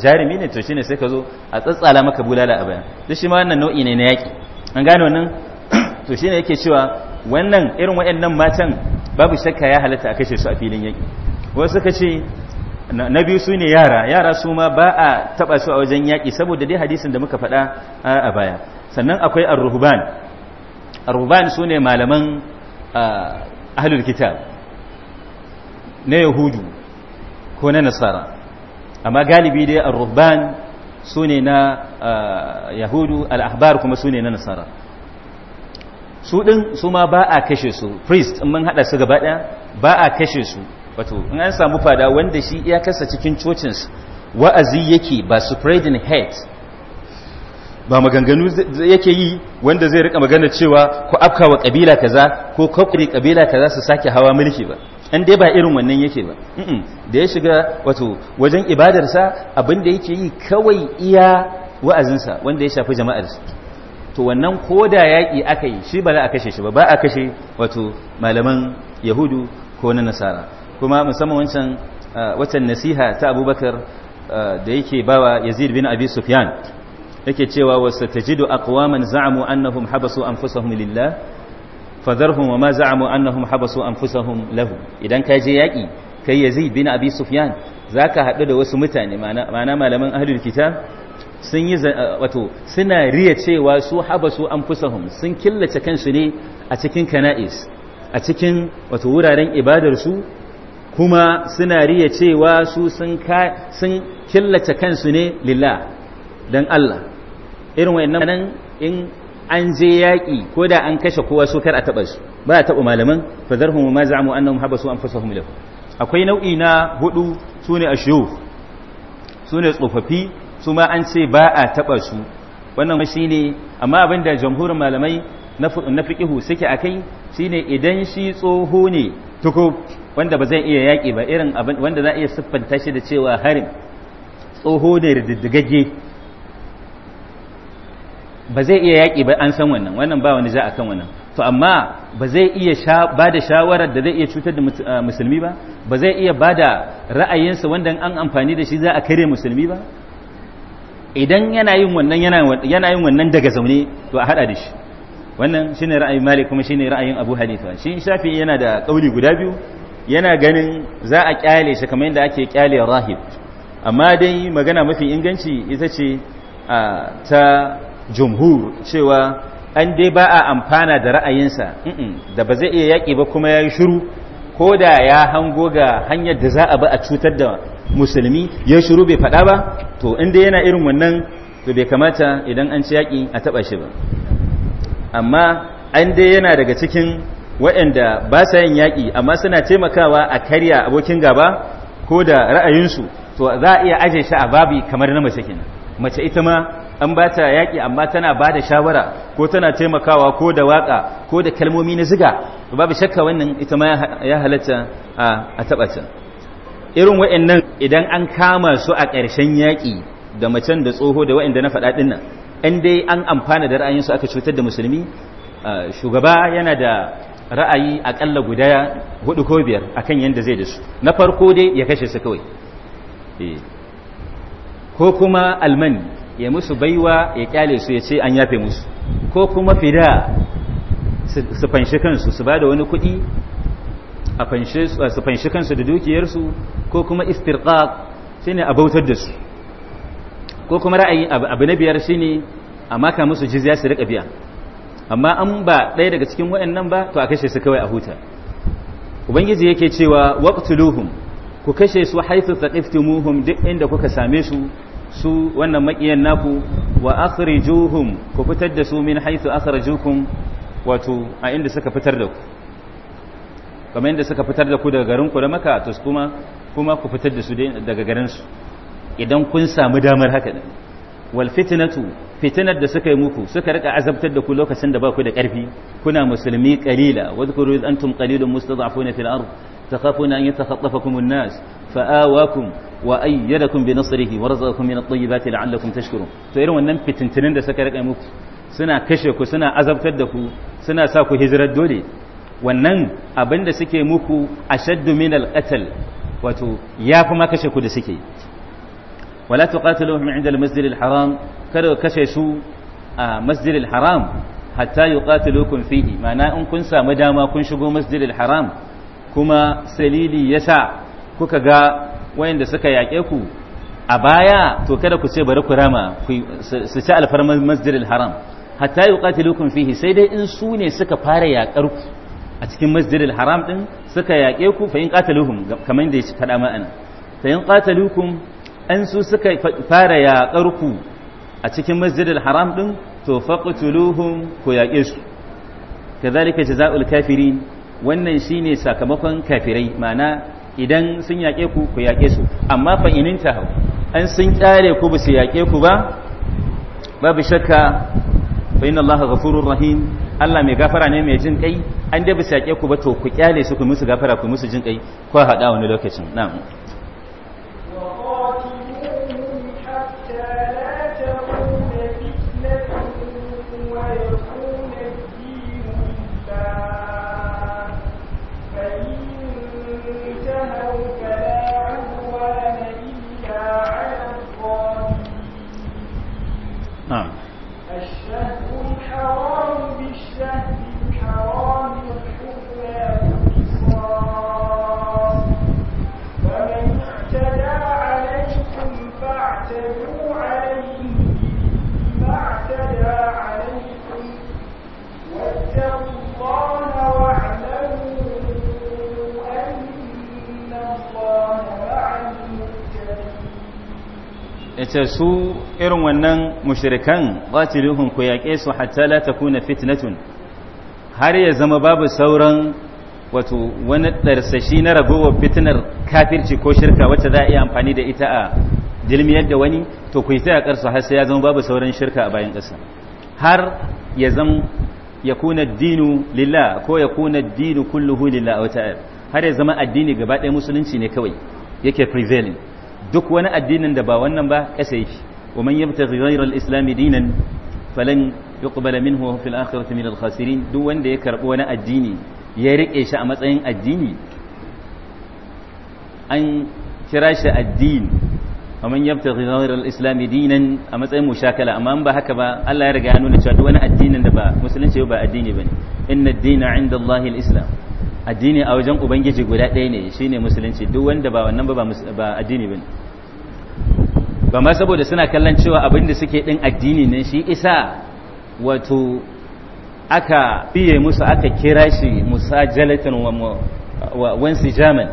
jarumi ne to shine sai ka zo a tsatsala maka bulala a bayan duk shi ma wannan nau'i ne na yaki an gane wannan to shine yake cewa wannan irin wayannan matan babu shakka ya halatta a kashe su a filin yaki wasu suka ce na biyu su ne yara yara su ma ba a taba su a wajen yaƙi saboda dai hadisin da muka faɗa a baya sannan akwai arruhban ruhban su ne malaman ahlul kitab na yahudu ko na nasara amma galibi dai ar-ruhban su na ah, yahudu al-ahbar kuma sune na nasara su din su ma ba a kashe su priest in mun hada su gaba daya ba a kashe su wato in an samu fada wanda shi ya kasa cikin cocin su wa'azi yake ba spreading hate ba maganganu yake yi wanda zai rika magana cewa ku afkawa kabila kaza ko kakure kabila kaza su sake hawa mulki ba an dai ba irin wannan yake ba da ya shiga wato wajen ibadarsa abinda da yake yi kawai iya wa'azinsa wanda ya shafi jama'arsa to wannan ko da yaƙi aka yi shi ba za a kashe shi ba ba a kashe wato malaman yahudu ko na nasara kuma musamman wancan uh, watan nasiha ta abubakar uh, da yake bawa yazid bin abi sufyan yake cewa wasu tajidu aqwaman za'amu annahum habasu anfusahum lillah fadarhum wa ma za'amu annahum habasu anfusahum lahu idan ka je yaki kai yazi bin abi sufyan zaka haɗu da wasu mutane ma'ana malaman ahlul kitab sun yi wato suna riya cewa su habasu anfusahum sun killace kansu ne a cikin kana'is a cikin wato wuraren ibadar su kuma suna riya cewa su sun sun killace kansu ne lillah dan Allah irin wayannan in an je yaƙi ko da an kashe kowa so kar a taɓa su ba a taɓa malaman fa zarhum ma za'amu annahum habasu anfusahum lahu akwai nau'i na hudu sune ashyuf sune tsofaffi su ma an ce ba a taɓa su wannan shi ne amma abin da jamhurin malamai na fiƙihu suke a kai shi idan shi tsoho ne tuko wanda ba zai iya yaƙi ba irin abin wanda za a iya siffanta shi da cewa harin tsoho da rididdigagge ba zai iya yaƙi ba an san wannan wannan ba wani za a kan wannan to amma ba zai iya ba da shawarar da zai iya cutar da ah, musulmi ba ba zai iya ba da ra'ayinsa wanda an amfani da shi za a kare musulmi ba idan yana yin wannan yana yin wannan daga zaune to a hada da shi wannan shine ra'ayin malik kuma shine ra'ayin abu hanifa shi shafi yana da kauli guda biyu yana ganin za a kyale shi kamar yadda ake kyale rahib amma dai magana mafi inganci ita ce ah, ta jumhur cewa an dai ba a amfana da ra'ayinsa da ba zai iya yaƙi ba kuma ya yi shiru ko da ya hango ga hanyar da za a ba a cutar da musulmi ya shiru bai faɗa ba to inda yana irin wannan to bai kamata idan an ci yaƙi a taɓa shi ba amma an dai yana daga cikin waɗanda ba sa yin yaƙi amma suna taimakawa a karya abokin gaba ko da ra'ayinsu to za a iya aje shi a babi kamar na mace kenan mace ita ma an ba ta yaƙi amma tana ba da shawara ko tana taimakawa ko da waƙa ko da kalmomi na ziga babu shakka wannan ita ma ya halatta a taɓa Irin irin wa'annan idan an kama su a ƙarshen yaƙi da macen da tsoho da wa'anda na faɗa ɗin nan in dai an amfana da ra'ayinsu aka cutar da musulmi shugaba yana da ra'ayi aƙalla guda hudu ko biyar a kan yadda zai da su na farko dai ya kashe su kawai eh. ko kuma almani ya musu baiwa ya kyale su ya ce an yafe musu ko kuma fida su fanshi kansu su ba da wani kuɗi su fanshi kansu da dukiyarsu ko kuma shi ne a bautar da su ko kuma ra'ayi abu na biyar shi ne a maka musu jizya su rika biya amma an ba ɗaya daga cikin waɗannan ba to a kashe su kawai a huta ubangiji yake cewa waqtuluhum ku kashe su haitsu tsaqiftumuhum duk inda kuka same su su wannan maƙiyan naku wa akhrijuhum ku fitar da su min haythu akhrajukum wato a inda suka fitar da ku kamar inda suka fitar da ku daga garin ku da maka to kuma kuma ku fitar da su daga garin su idan kun samu damar haka din wal fitnatu fitnar da suka yi muku suka rika azabtar da ku lokacin da ba ku da karfi kuna musulmi qalila wadhkuru antum qalilun mustad'afuna fil ard تخافون أن يتخطفكم الناس فآواكم وأيدكم بنصره ورزقكم من الطيبات لعلكم تشكرون to irin wannan fitintunin da suka rika muku suna kashe ku suna azabtar da ku suna sa ku hijirar dole wannan abinda da suke muku ashaddu min al wato yafi ma kashe ku da suke wala tuqatiluhum inda al-masjid al-haram kada kashe su a masjid haram hatta yuqatilukum fihi ma'ana in kun samu dama kun shigo masjid haram kuma salili yasa kuka ga wayanda suka yaƙe ku a baya to kada ku ce bari ku rama su ci alfarmar masjidil haram hatta yuqatilukum fihi sai dai in su ne suka fara yaƙar ku a cikin masjidil haram ɗin suka yaƙe ku fa in kamar da ya ci faɗa ma'ana fa in qatalukum an su suka fara yaƙar ku a cikin masjidil haram ɗin to faqtuluhum ku yaƙe su kadhalika jazaa'ul kafirin wannan shine sakamakon kafirai mana idan sun yaƙe ku ku yaƙe su amma fa'inin ta hau an sun ƙyare ku ba su yaƙe ku ba babu shakka fa inna allaha ghafurur rahim Allah mai gafara ne mai jin kai an da ba su yaƙe ku ba to ku ƙyale su ku musu gafara ku musu jin kai ko haɗa wani lokacin na'am ce su irin wannan mushrikan qatiluhum ku yaƙe su hatta la takuna fitnatun har ya zama babu sauran wato wani ɗarsashi na ragowar fitinar kafirci ko shirka wacce za a iya amfani da ita a jilmiyar da wani to ku yi ta yaƙar har sai ya zama babu sauran shirka a bayan ƙasa har ya zama ya kuna dinu lilla ko ya kuna dinu kulluhu lilla a wata har ya zama addini gaba ɗaya musulunci ne kawai yake prevailing duk wani addinin da ba wannan ba kasa yake wa man yabtaghi ghayra al-islam dinan falan yuqbala minhu wa fil akhirati min al-khasirin duk wanda ya karbi wani addini ya rike shi a matsayin addini an kira shi addini wa man yabtaghi ghayra al-islam dinan a matsayin mushakala amma ba haka ba Allah ya riga ya nuna cewa duk wani addinin da ba musulunci ba addini bane inna ad-dina 'inda Allah al-islam addini a wajen ubangiji guda ɗaya ne shi ne musulunci duk wanda ba wannan ba ba addini bin ba ma saboda suna kallon cewa abinda suke din addini ne shi isa wato aka biye musu aka kira shi jalatin wa wansi jaman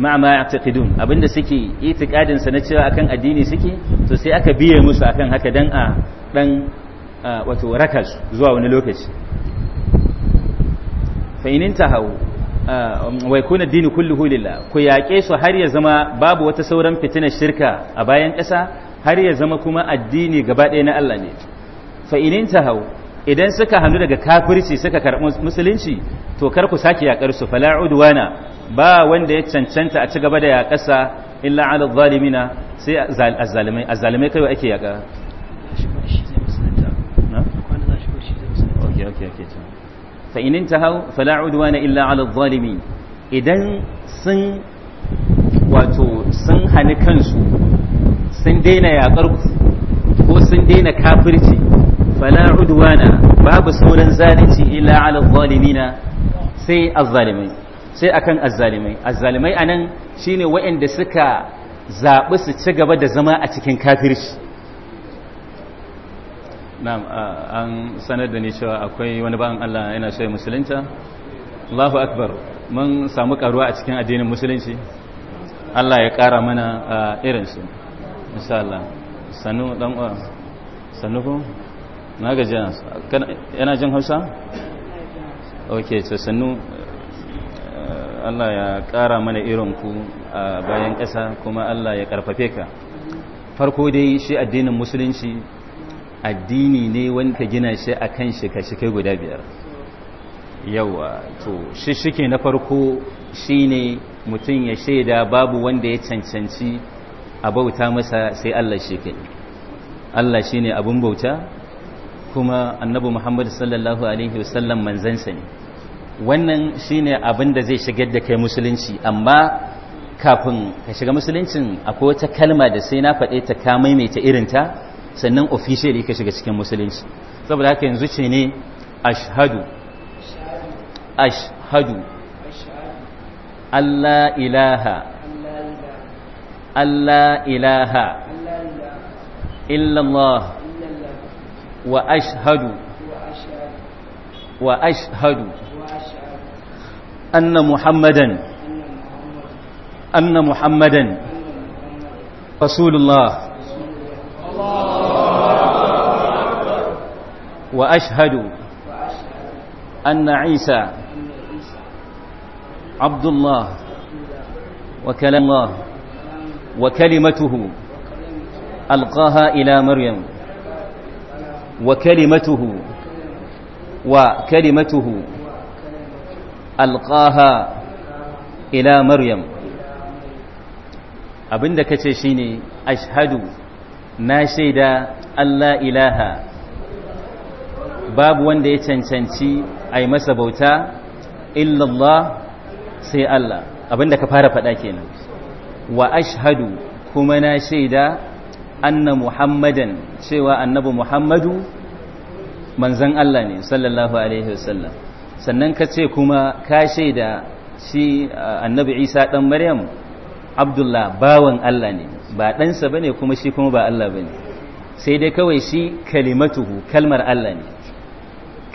ya ma ya'taqidun abinda suke itikadinsa na cewa akan addini suke to sai aka biye musu akan haka dan a dan wato rakas zuwa wani lokaci fa'inin ta hau wai kuna dini kulli lillah ku yaƙe su har ya zama babu wata sauran fitina shirka a bayan ƙasa har ya zama kuma addini gaba ɗaya na Allah ne fa inin hau idan suka hannu daga kafirci suka karɓi musulunci to kar ku sake yaƙar su fala udwana ba wanda ya cancanta a ci gaba da yaƙarsa illa ala zalimina sai azzalimai azzalimai kai ake yaƙa okay okay okay fa in hau fala na illa ala zalimin idan sun wato sun hani kansu sun daina yakar ko sun daina kafirci fala na babu sauran zalunci illa ala na sai azzalimai sai akan azzalimai azzalimai anan ne waɗanda suka zaɓi su ci gaba da zama a cikin kafirci na'am an sanar da ni cewa akwai wani ba'an Allah yana so ya musulunta Allahu akbar mun samu karuwa a cikin addinin musulunci Allah ya kara mana irin su insha Allah sanu dan uwa sanu ko na kana yana jin Hausa okay to sanu Allah ya kara mana irin ku a bayan kasa kuma Allah ya karfafe ka farko dai shi addinin musulunci addini ne wani ka gina shi a kan shika kai guda biyar yawa to shi shike na farko shi ne mutum ya shaida babu wanda ya cancanci a bauta masa sai Allah shi ke Allah shi ne abin bauta kuma annabi Muhammad sallallahu alaihi wasallam manzansa ne wannan shi ne abin da zai shigar da kai musulunci amma kafin ka shiga musuluncin akwai wata kalma da sai na faɗe ta ka maimaita irinta sannan officially ka shiga cikin musulunci saboda haka yanzu ce ne ashadu ashadu Allah ilaha Allah ilaha illallah wa ashadu wa ashadu anna muhammadan anna muhammadan rasulullah وأشهد أن عيسى عبد الله وكلام الله وكلمته ألقاها إلى مريم وكلمته وكلمته ألقاها إلى مريم abinda kace shine ashhadu na shaida Allah ilaha babu wanda ya cancanci a yi masa bauta illallah sai Allah abinda ka fara faɗa kenan wa ashhadu kuma na shaida anna muhammadan cewa annabi muhammadu manzan Allah ne sallallahu alaihi wasallam sannan ka ce kuma ka shaida shi uh, annabi isa dan maryam abdullah bawan Allah ne ba ɗansa bane kuma shi kuma ba Allah bane sai dai kawai shi kalimatuhu kalmar Allah ne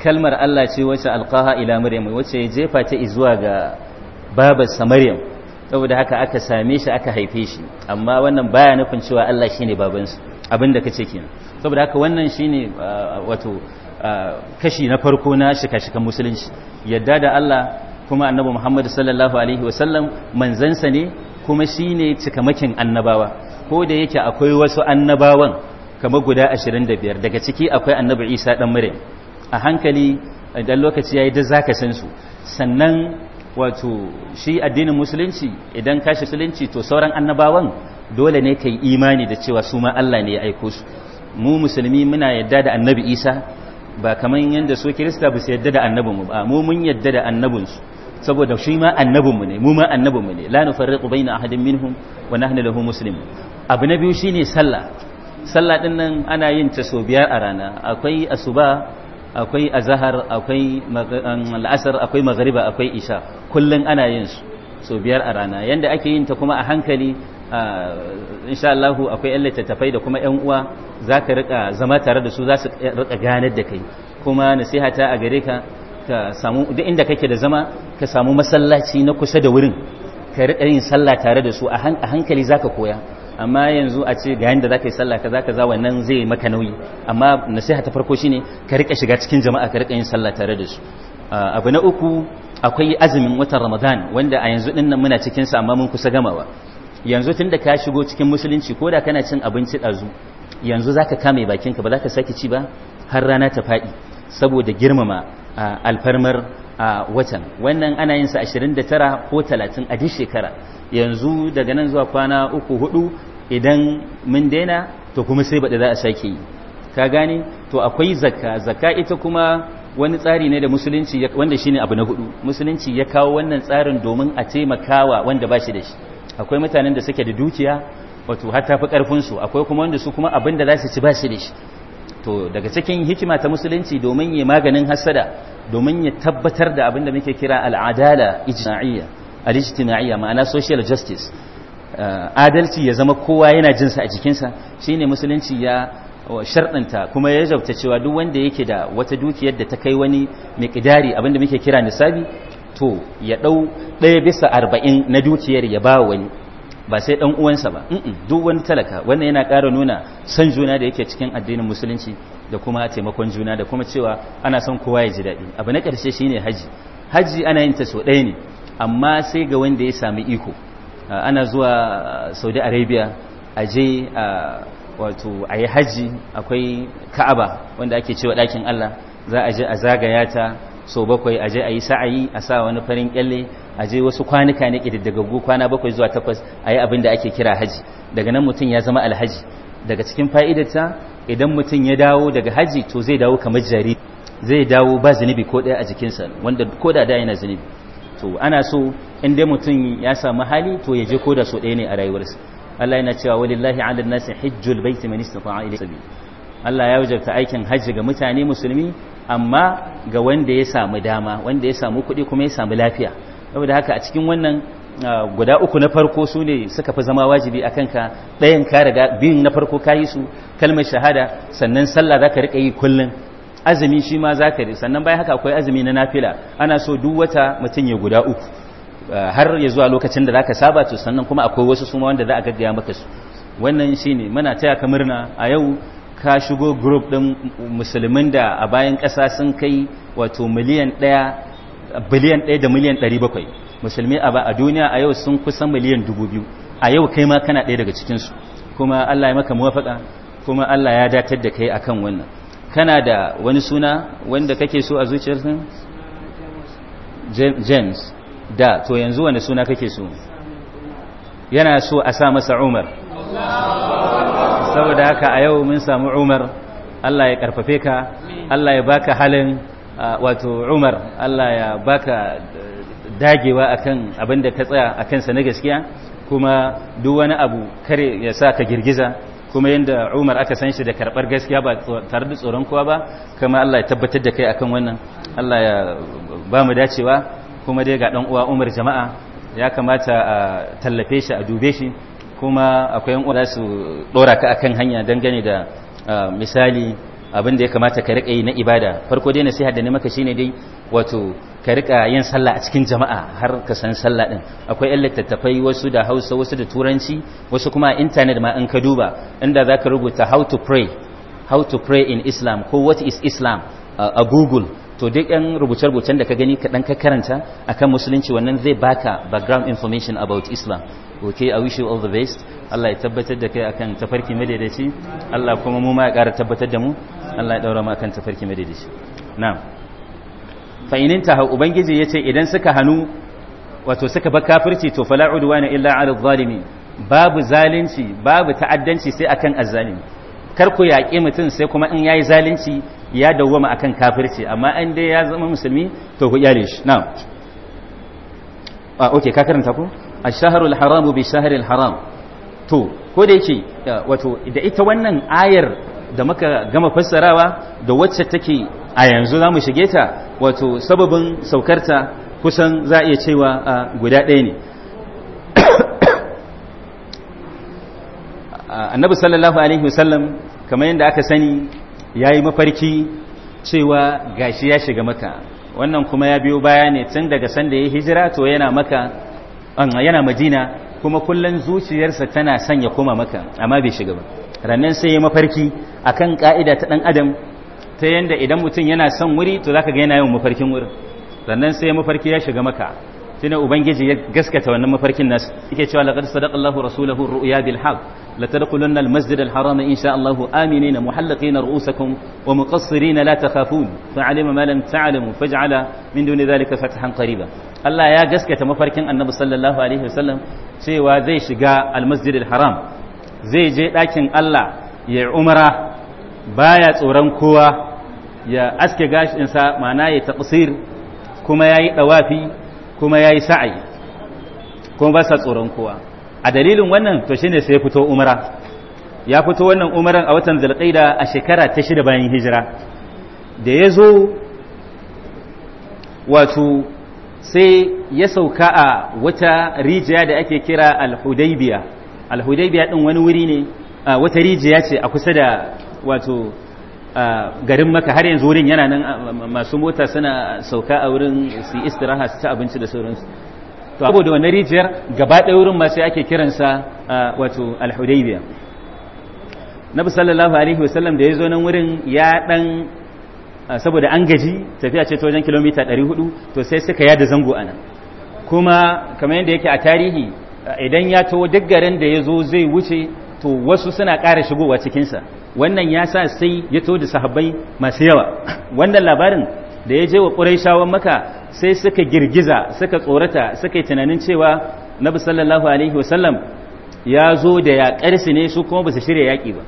kalmar Allah ce wacce alqaha ila maryam wacce ya jefa ta zuwa ga babarsa maryam saboda haka aka same shi aka haife shi amma wannan baya nufin cewa Allah shine babansa abinda kace kenan saboda haka wannan shine wato kashi na farko na shika-shikan musulunci yadda da Allah kuma annabi Muhammad sallallahu alaihi wasallam manzansa ne kuma shine cikamakin annabawa ko da yake akwai wasu annabawan kamar guda 25 daga ciki akwai annabi Isa dan Maryam a hankali idan lokaci ya yi da ka san su sannan wato shi addinin musulunci idan ka shi musulunci to sauran annabawan dole ne ka yi imani da cewa su ma Allah ne ya aiko su mu musulmi muna yadda da annabi Isa ba kamar yadda su Kirista ba su yadda da annabinmu ba mu mun yadda da annabinsu saboda shi ma annabinmu ne mu ma annabinmu ne la nufarriqu baina ahadin minhum wa nahnu lahu muslimun abu na biyu shine sallah sallah din nan ana yin ta so biyar a rana akwai asuba akwai azahar akwai al'asar akwai magariba akwai isha kullum ana yin su so biyar a rana yanda ake yin ta kuma a hankali insha Allah akwai yan littattafai da kuma yan uwa za ka rika zama tare da su za su rika ganar da kai kuma nasiha ta a gare ka ka samu duk inda kake da zama ka samu masallaci na kusa da wurin ka rika yin sallah tare da su a hankali zaka koya amma yanzu a ce ga yanda zaka yi sallah ka za kaza wa wannan zai maka nauyi amma nasiha ta farko shine ka rika shiga cikin jama'a ka rika yin sallah tare da su ah, abu na uku akwai azumin watan Ramadan wanda a yanzu dinnan muna cikin sa amma mun kusa gamawa yanzu tun da ka shigo cikin musulunci ko da kana cin abinci dazu yanzu za ka kame bakinka ba za ka sake ci ba har rana ta faɗi saboda girmama ah, alfarmar a watan wannan ana yin sa 29 ko 30 a duk shekara yanzu daga nan zuwa kwana uku hudu idan mun daina to kuma sai baɗi za a sake yi ka gane to akwai zakka zakka ita kuma wani tsari ne da musulunci wanda shine abu na hudu musulunci ya kawo wannan tsarin domin a taimakawa wanda ba shi da shi akwai mutanen da suke da dukiya wato har tafi karfin su akwai kuma wanda su kuma abin da za su ci ba shi da shi to daga cikin hikima ta musulunci domin ya maganin hasada domin ya tabbatar da abin da muke kira al'adala ijtima'iyya al'ijtima'iyya ma'ana social justice uh, adalci ya zama kowa yana jinsa a jikinsa shine musulunci ya uh, sharɗanta kuma ya zauta cewa duk wanda yake da wata dukiyar da ta kai wani miƙidari abin da muke kira nisabi to ya ɗau ɗaya bisa arba'in na dukiyar ya ba wani ba sai dan uwansa ba duk wani talaka wannan yana ƙara nuna son juna da yake cikin addinin musulunci da kuma taimakon juna da kuma cewa ana son kowa ya ji daɗi abu na ƙarshe shine haji haji ana yin ta so ɗaya ne amma sai ga wanda ya sami iko ah, ana zuwa saudi arabia a je wato ayi yi haji akwai ka'aba wanda ake cewa dakin allah za a je a zagaya ta so bakwai aje a yi sa'ayi a sa wani farin kyalle aje wasu kwanuka ne ƙididdigaggu kwana bakwai zuwa takwas a yi abin da ake kira haji daga nan mutum ya zama alhaji daga cikin fa'idarta idan mutum ya dawo daga haji to zai dawo kamar jariri zai dawo ba zunubi ko ɗaya a jikinsa wanda ko da da yana zunubi to ana so in dai mutum ya samu hali to ya je ko da so ɗaya ne a rayuwarsa Allah yana cewa walillahi ala nasi hijjul baiti man istata'a ilayhi Allah ya wajabta aikin haji ga mutane musulmi amma ga wanda ya samu dama wanda ya samu kuɗi kuma ya samu lafiya saboda haka a cikin wannan ah, guda uku na farko su ne suka fi zama wajibi a kanka ɗayan ka riga biyun na farko ka yi su kalmar shahada sannan sallah za ka riƙa yi kullum azumi shi ma za ka yi sannan bayan haka akwai azumi na nafila ana so duk wata mutum ya guda uku ah, har ya zuwa lokacin da za ka saba to sannan kuma akwai wasu suma wanda za a gaggaya maka su wannan shi ne muna taya ka murna a yau ka shigo group ɗin musulmin da a bayan ƙasa sun kai wato miliyan ɗaya biliyan ɗaya da miliyan ɗari bakwai musulmi a duniya a yau sun kusan miliyan dubu biyu a yau kai ma kana ɗaya daga cikinsu kuma allah ya maka muwafaƙa kuma allah ya datar da kai akan wannan kana da wani suna wanda kake so a sun. james da to yanzu wani suna kake so yana so a sa masa umar saboda haka a yau mun samu umar Allah ya karfafe ka Allah ya baka halin wato umar Allah ya baka dagewa akan abin ka tsaya akan sa na gaskiya kuma duk wani abu kare ya sa ka girgiza kuma yadda umar aka san shi da karbar gaskiya ba tare da tsoron kowa ba kuma allah ya tabbatar da kai akan wannan allah ya ba mu dacewa kuma dai ga uwa umar jama'a ya kamata a tallafe shi a dube shi kuma akwai uwa su dora ka akan hanya dangane da ah, misali abin da ya kamata ka rika yi na ibada farko dai nasiha da ne maka shine dai wato ka rika yin sallah a cikin jama'a har ka san sallah din akwai yan littattafai wasu da Hausa wasu da Turanci wasu kuma a internet ma in ka duba inda zaka rubuta how to pray how to pray in Islam ko what is Islam ah, a Google to duk yan rubuce-rubucen da ka gani ka dan ka karanta akan musulunci wannan zai baka background information about Islam okay i wish you all the best Allah ya tabbatar da kai akan tafarki madaidaici Allah kuma mu ma ya ƙara tabbatar da mu Allah ya daura mu akan tafarki madaidaici na'am fa inin ta ubangiji yace idan suka hanu wato suka bar kafirci to fala udwana illa ala zalimi babu zalunci babu ta'addanci sai akan azzalimi kar ku yaƙi mutum sai kuma in yayi zalunci ya dawwama akan kafirci amma an dai ya zama musulmi to ku iyale shi na'am a ah, okay ka karanta ku ashaharul haramu bi shaharil haram to ko da yake wato da ita wannan ayar da muka gama fassarawa da wacce take a yanzu za mu shige ta wato sababin saukarta kusan za a iya cewa guda ɗaya ne annabi sallallahu alaihi wasallam kamar yadda aka sani ya yi mafarki cewa gashi ya shiga maka wannan kuma ya biyo baya ne tun daga sanda ya hijira to yana maka yana madina kuma kullum zuciyarsa tana son ya koma maka amma bai shiga ba rannan sai ya mafarki akan ka'ida ta dan adam ta yanda idan mutum yana son wuri to zaka ga yana yin mafarkin wurin rannan sai ya mafarki ya shiga maka shine ubangiji ya gaskata wannan mafarkin nasu yake cewa laqad sadaqallahu rasulahu ru'ya bil haqq la tadkhulunna al masjid al haram insha Allah aminina muhallaqina ru'usakum wa muqassirina la takhafun fa'alima ma lam ta'lamu faj'ala min duni dhalika fathan qariba Allah ya gaskata mafarkin annabi sallallahu alaihi wasallam cewa zai shiga al masjid al haram zai je dakin Allah ya umara baya tsoron kowa ya aske gashinsa ma'ana ya taqsir kuma yayi dawafi kuma ya yi sa'ai kuma ba sa tsoron kowa a dalilin wannan to shine sai fito umara ya fito wannan umaran a watan zulqaida a shekara ta shida bayan hijira da ya zo wato sai ya sauka a wata rijiya da ake kira al-hudaybiya al-hudaybiya wani wuri ne wata rijiya ce a kusa da wato garin maka har yanzu wurin yana nan masu mota suna sauka a wurin su istiraha su ci abinci da sauransu to abu wannan rijiyar gaba ɗaya wurin masu ake kiransa wato alhudaibiya nabi sallallahu alaihi wasallam da ya zo nan wurin ya ɗan saboda an gaji tafiya ce ta wajen kilomita 400 to sai suka yada zango a nan kuma kamar yadda yake a tarihi idan ya to duk garin da ya zo zai wuce to wasu suna ƙara shigowa cikinsa wannan ya sa sai ya to da sahabbai masu yawa wannan labarin da ya je wa ƙuraishawan maka sai suka girgiza suka tsorata suka yi tunanin cewa nabi sallallahu alaihi wasallam ya zo da yaƙar su ne su kuma ba su shirya yaƙi ba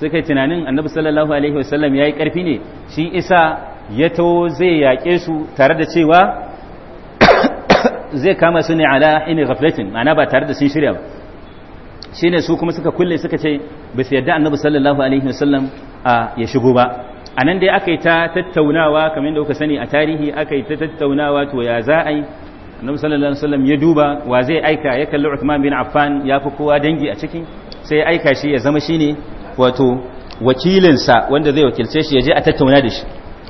suka yi tunanin annabi sallallahu alaihi wasallam ya yi ƙarfi ne shi isa ya to zai yaƙe su tare da cewa zai kama su ne ala ina ghaflatin ma'ana ba tare da sun shirya ba shine su kuma suka kulle suka ce ba su yadda annabi sallallahu alaihi wasallam ya shigo ba a nan dai aka yi ta tattaunawa kamar da kuka sani a tarihi aka yi ta tattaunawa to ya za a yi annabi sallallahu alaihi wasallam ya duba wa zai aika ya kalli Uthman bin Affan ya fi kowa dangi a ciki sai ya aika shi ya zama shine wato wakilinsa wanda zai wakilce shi ya je a tattauna da shi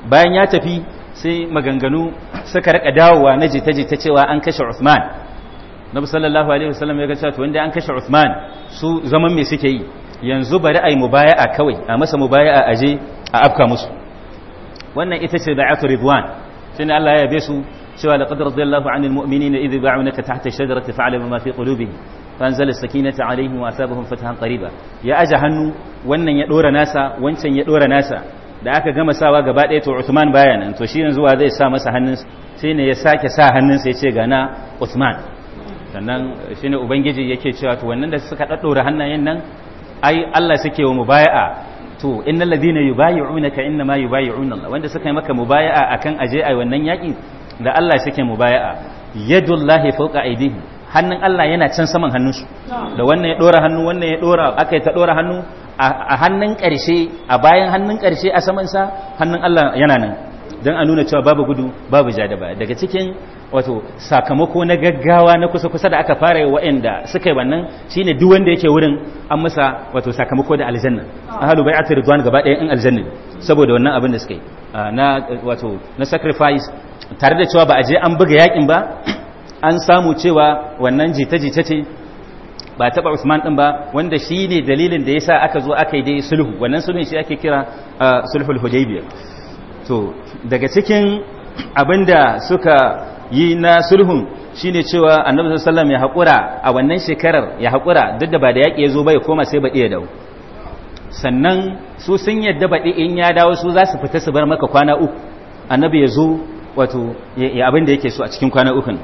bayan ya tafi sai maganganu suka rika dawowa na jita-jita cewa an kashe Uthman nabi sallallahu alaihi wasallam ya ga to wanda an kashe Uthman su zaman me suke yi yanzu bari ai mubaya'a kawai a masa mubaya'a aje a afka musu wannan ita ce da'atu ridwan shine Allah ya yabe su cewa laqad radiyallahu 'anil mu'minina idh ba'unaka tahta ash-shajarati fa'alima ma fi qulubihim fanzala as-sakinata 'alayhim wa asabahum fathan qariba ya aje hannu wannan ya dora nasa wancan ya dora nasa da aka gama sawa gaba ɗaya to Uthman baya nan to shi yanzu wa zai sa masa hannun sai ne ya sake sa hannunsa ya ce ga na Uthman sannan ne ubangiji yake cewa to wannan da suka daddora hannayen nan ai Allah suke wa mubaya'a to innal ladina yubayi'unaka innama yubayi'una Allah wanda suka yi maka mubaya'a akan aje ai wannan yaki da Allah suke mubaya'a yadullahi fawqa aydihim hannun Allah yana can saman hannun su da wannan ya dora hannu wannan ya dora aka ta dora hannu a hannun karshe a bayan hannun karshe a saman sa hannun Allah yana nan dan a nuna cewa babu gudu babu jada da baya daga cikin wato sakamako na gaggawa na kusa-kusa da aka fara wa'anda suka yi wannan ne duk wanda yake wurin an masa wato sakamako da aljanna bai bai'atul ridwan gaba ɗaya in aljanna saboda wannan abin da suka yi ah, na wato na sacrifice tare da cewa ba a je an buga yakin ba an samu cewa wannan jita-jita ce ba taɓa Usman din ba wanda shi ne dalilin da ya sa aka zo aka yi dai sulhu wannan sulhun shi ake kira ah, sulhul hudaybiyah to daga cikin abinda suka yi na sulhun shi ne cewa annabi sallallahu ya haƙura a wannan shekarar ya haƙura duk da ba da yaƙi ya zo ba ya koma sai baɗi ya dawo sannan su sun yadda baɗi in ya dawo su za su fita su bar maka kwana uku annabi ya zo wato ya abin da yake so a cikin kwana ukun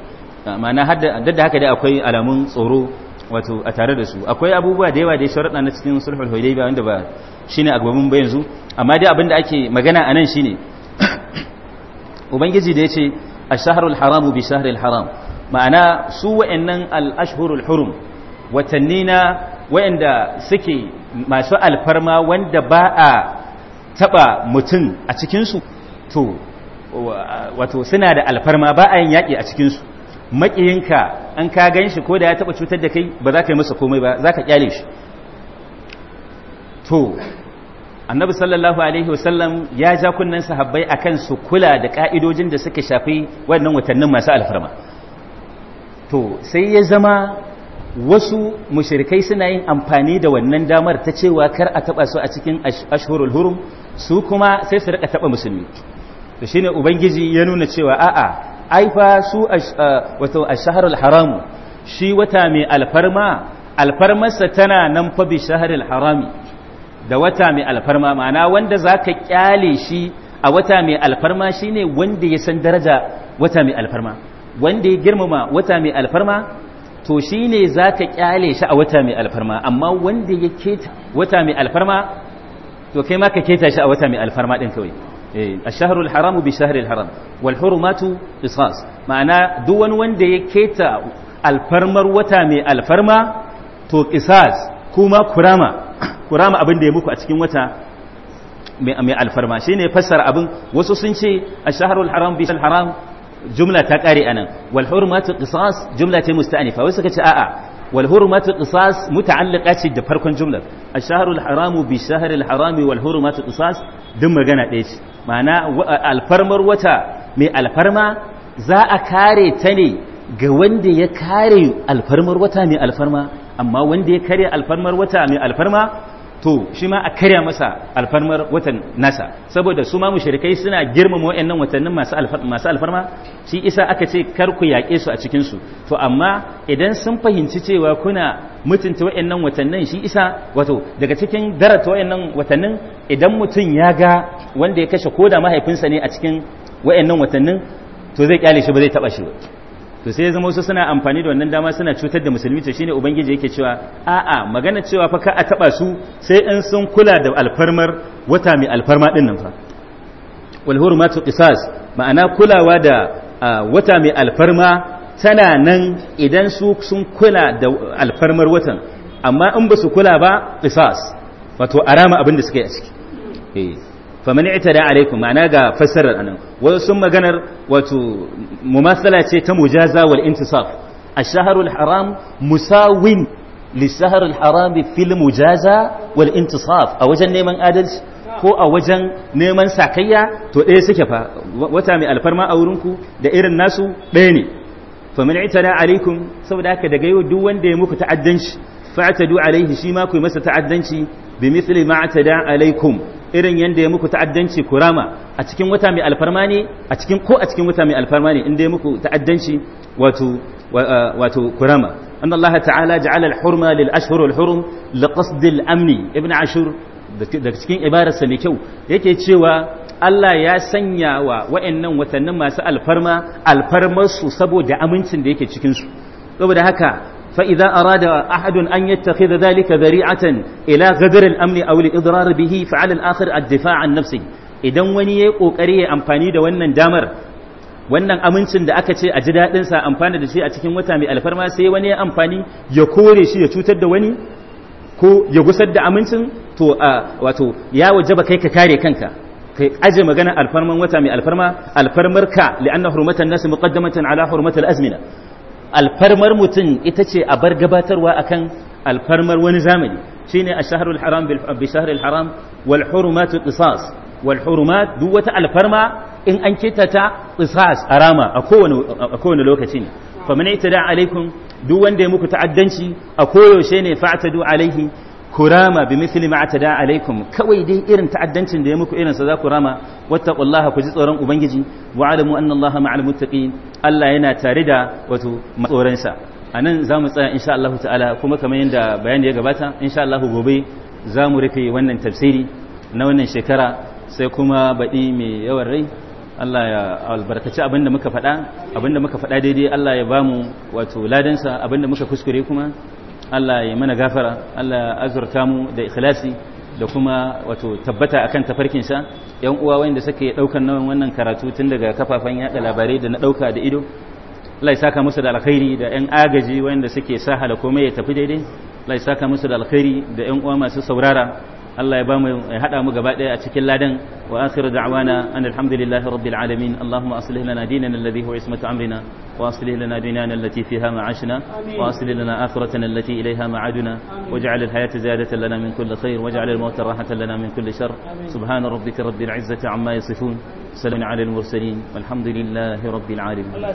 ma'ana duk da haka dai akwai alamun tsoro wato a tare da su akwai abubuwa da yawa da ya sharaɗa na cikin sulhul hudaybiya wanda ba shine agbabin ba yanzu amma dai abin da ake magana a nan shine ubangiji da ya ce asharul haramu bi shahril haram ma'ana su wa'annan al-ashhurul hurum watanni na wa'anda suke masu alfarma wanda ba a taba mutum a cikin su to wato suna da alfarma ba a yin yaki a cikin su makiyinka an ka gan shi ko da ya taba cutar da kai ba za ka yi masa komai ba za ka kyale shi to annabi sallallahu alaihi wasallam ya ja kunnen sahabbai akan su kula da ka'idojin da suka shafi wannan watannin masu alfarma to sai ya zama wasu mushrikai suna yin amfani da wannan damar ta cewa kar a taba su a cikin ashhurul hurum su kuma sai su rika taba musulmi to shine ubangiji ya nuna cewa a'a ai fa su wato ashharul haram shi wata mai alfarma alfarmarsa tana nan fa bi shahril harami da wata mai alfarma ma'ana wanda za ka kyale shi a wata mai alfarma shine wanda ya san daraja wata mai alfarma wanda ya girmama wata mai alfarma to shine za ka kyale shi a wata mai alfarma amma wanda ya keta wata mai alfarma to kai ma ka keta shi a wata mai alfarma din kawai الشهر الحرام بشهر الحرام والحرمات قصاص معناه wanda ya keta alfarmar wata mai alfarma to قصاص kuma kurama. ku rama abin da ya muku a cikin wata mai alfarma ne fassara abin wasu sun ce ash-shahrul haram bi haram jumla ta kare a anan wal hurmatu qisas jumla ce musta'nifa wasu suka ce a'a wal hurmatu qisas muta'alliqa ce da farkon jumlar ash-shahrul haramu bi shahril harami wal hurmatu qisas duk magana ɗaya ce ma'ana alfarmar wata mai alfarma za a kare ta ne ga wanda ya kare alfarmar wata mai alfarma amma wanda ya kare alfarmar wata mai alfarma to shi ma a karya masa alfarmar watan nasa saboda su ma mushrikai suna girmama wayannan watannin masu masu alfarma shi isa aka ce kar ku yaƙe su a cikin su to amma idan sun fahimci cewa kuna mutunta wayannan watannin shi isa wato daga cikin darata wayannan watannin idan mutum ya ga wanda ya kashe koda mahaifinsa ne a cikin wayannan watannin to zai kyale shi ba zai taba shi ba to sai zama wasu suna amfani da wannan dama suna cutar da musulmi to shine ubangiji yake cewa a'a magana cewa fa ka a taba su sai in sun kula da alfarmar wata mai alfarma din nan fa wal hurmatu qisas ma'ana kulawa da wata mai alfarma tana nan idan su sun kula da alfarmar watan amma in ba su kula ba qisas wato arama abin da suka yi a ciki eh. faman itada alaikum ma'ana ga fassarar anan wasu maganar wato mumasala ce ta mujaza wal intisaf ash-shahru haram musawin للشهر الحرام في المجازة والانتصاف أو وجن نيمان adalci ko a wajen neman sakayya to ɗaya suke fa wata mai alfarma a wurinku da irin nasu ɗaya ne fa min da alaikum saboda haka daga yau duk wanda ya muku ta'addanci fa atadu alaihi shi ma ku masa ta'addanci bi mithli ma atada alaikum irin yadda ya muku ta'addanci ku rama a cikin wata mai alfarma ne a cikin ko a cikin wata mai alfarma ne inda ya muku ta'addanci wato wato ku rama an Allah ta'ala ja'ala al-hurma lil ashhur al-hurum li qasd al-amn ibn ashur da cikin ibararsa mai kyau yake cewa Allah ya sanya wa wa'annan watannin masu alfarma alfarmar su saboda amincin da yake cikin su saboda haka فإذا أراد أحد أن يتخذ ذلك ذريعة إلى غدر الأمن أو الإضرار به فعلى الآخر الدفاع عن نفسه idan wani ya yi ƙoƙari ya amfani da wannan damar wannan amincin da aka ce a ji daɗinsa amfana da shi a cikin wata mai alfarma sai wani ya amfani ya kore shi ya cutar da wani ko ya gusar da amincin to a wato ya wajaba kai ka kare kanka kai aje magana alfarman wata mai alfarma alfarmarka li'anna hurmatan nas muqaddamatan ala hurmatil azmina alfarmar mutum ita ce a bar gabatarwa akan alfarmar wani zamani shine a shahrul haram bi shahril haram wal hurumatu qisas wal hurumat duk wata alfarma in an keta ta qisas arama a kowane a kowane lokaci ne fa man itada alaikum duk wanda ya muku ta'addanci a koyaushe ne fa'tadu alaihi kurama bi misli ma da alaikum kawai dai irin ta'addancin da ya muku irin sa za ku rama wattaqullaha ku ji tsoron ubangiji wa alamu anna allaha ma'al muttaqin Allah yana tare da wato matsoran sa anan za mu tsaya insha Allah ta'ala kuma kamar yadda bayani ya gabata insha Allah gobe za mu rufe wannan tafsiri na wannan shekara sai kuma baɗi mai yawan rai Allah ya albarkaci abinda muka faɗa abinda muka faɗa daidai Allah ya bamu wato ladansa abinda muka kuskure kuma Allah ya mana gafara Allah ya azurta mu da ikhlasi da kuma wato tabbata akan tafarkin sa yan uwa wanda suke daukan nawan wannan karatu tun daga kafafan yada labarai da na dauka da ido Allah ya saka musu da alkhairi da yan agaji wanda suke sahala komai ya tafi daidai Allah ya saka musu da alkhairi da yan uwa masu saurara الله يبام هدا مجبات أشك اللادن وآخر دعوانا أن الحمد لله رب العالمين اللهم أصلح لنا ديننا الذي هو عصمة أمرنا وأصلح لنا دنيانا التي فيها معاشنا وأصلح لنا آخرتنا التي إليها معادنا واجعل الحياة زيادة لنا من كل خير واجعل الموت راحة لنا من كل شر سبحان ربك رب العزة عما يصفون سلام على المرسلين والحمد لله رب العالمين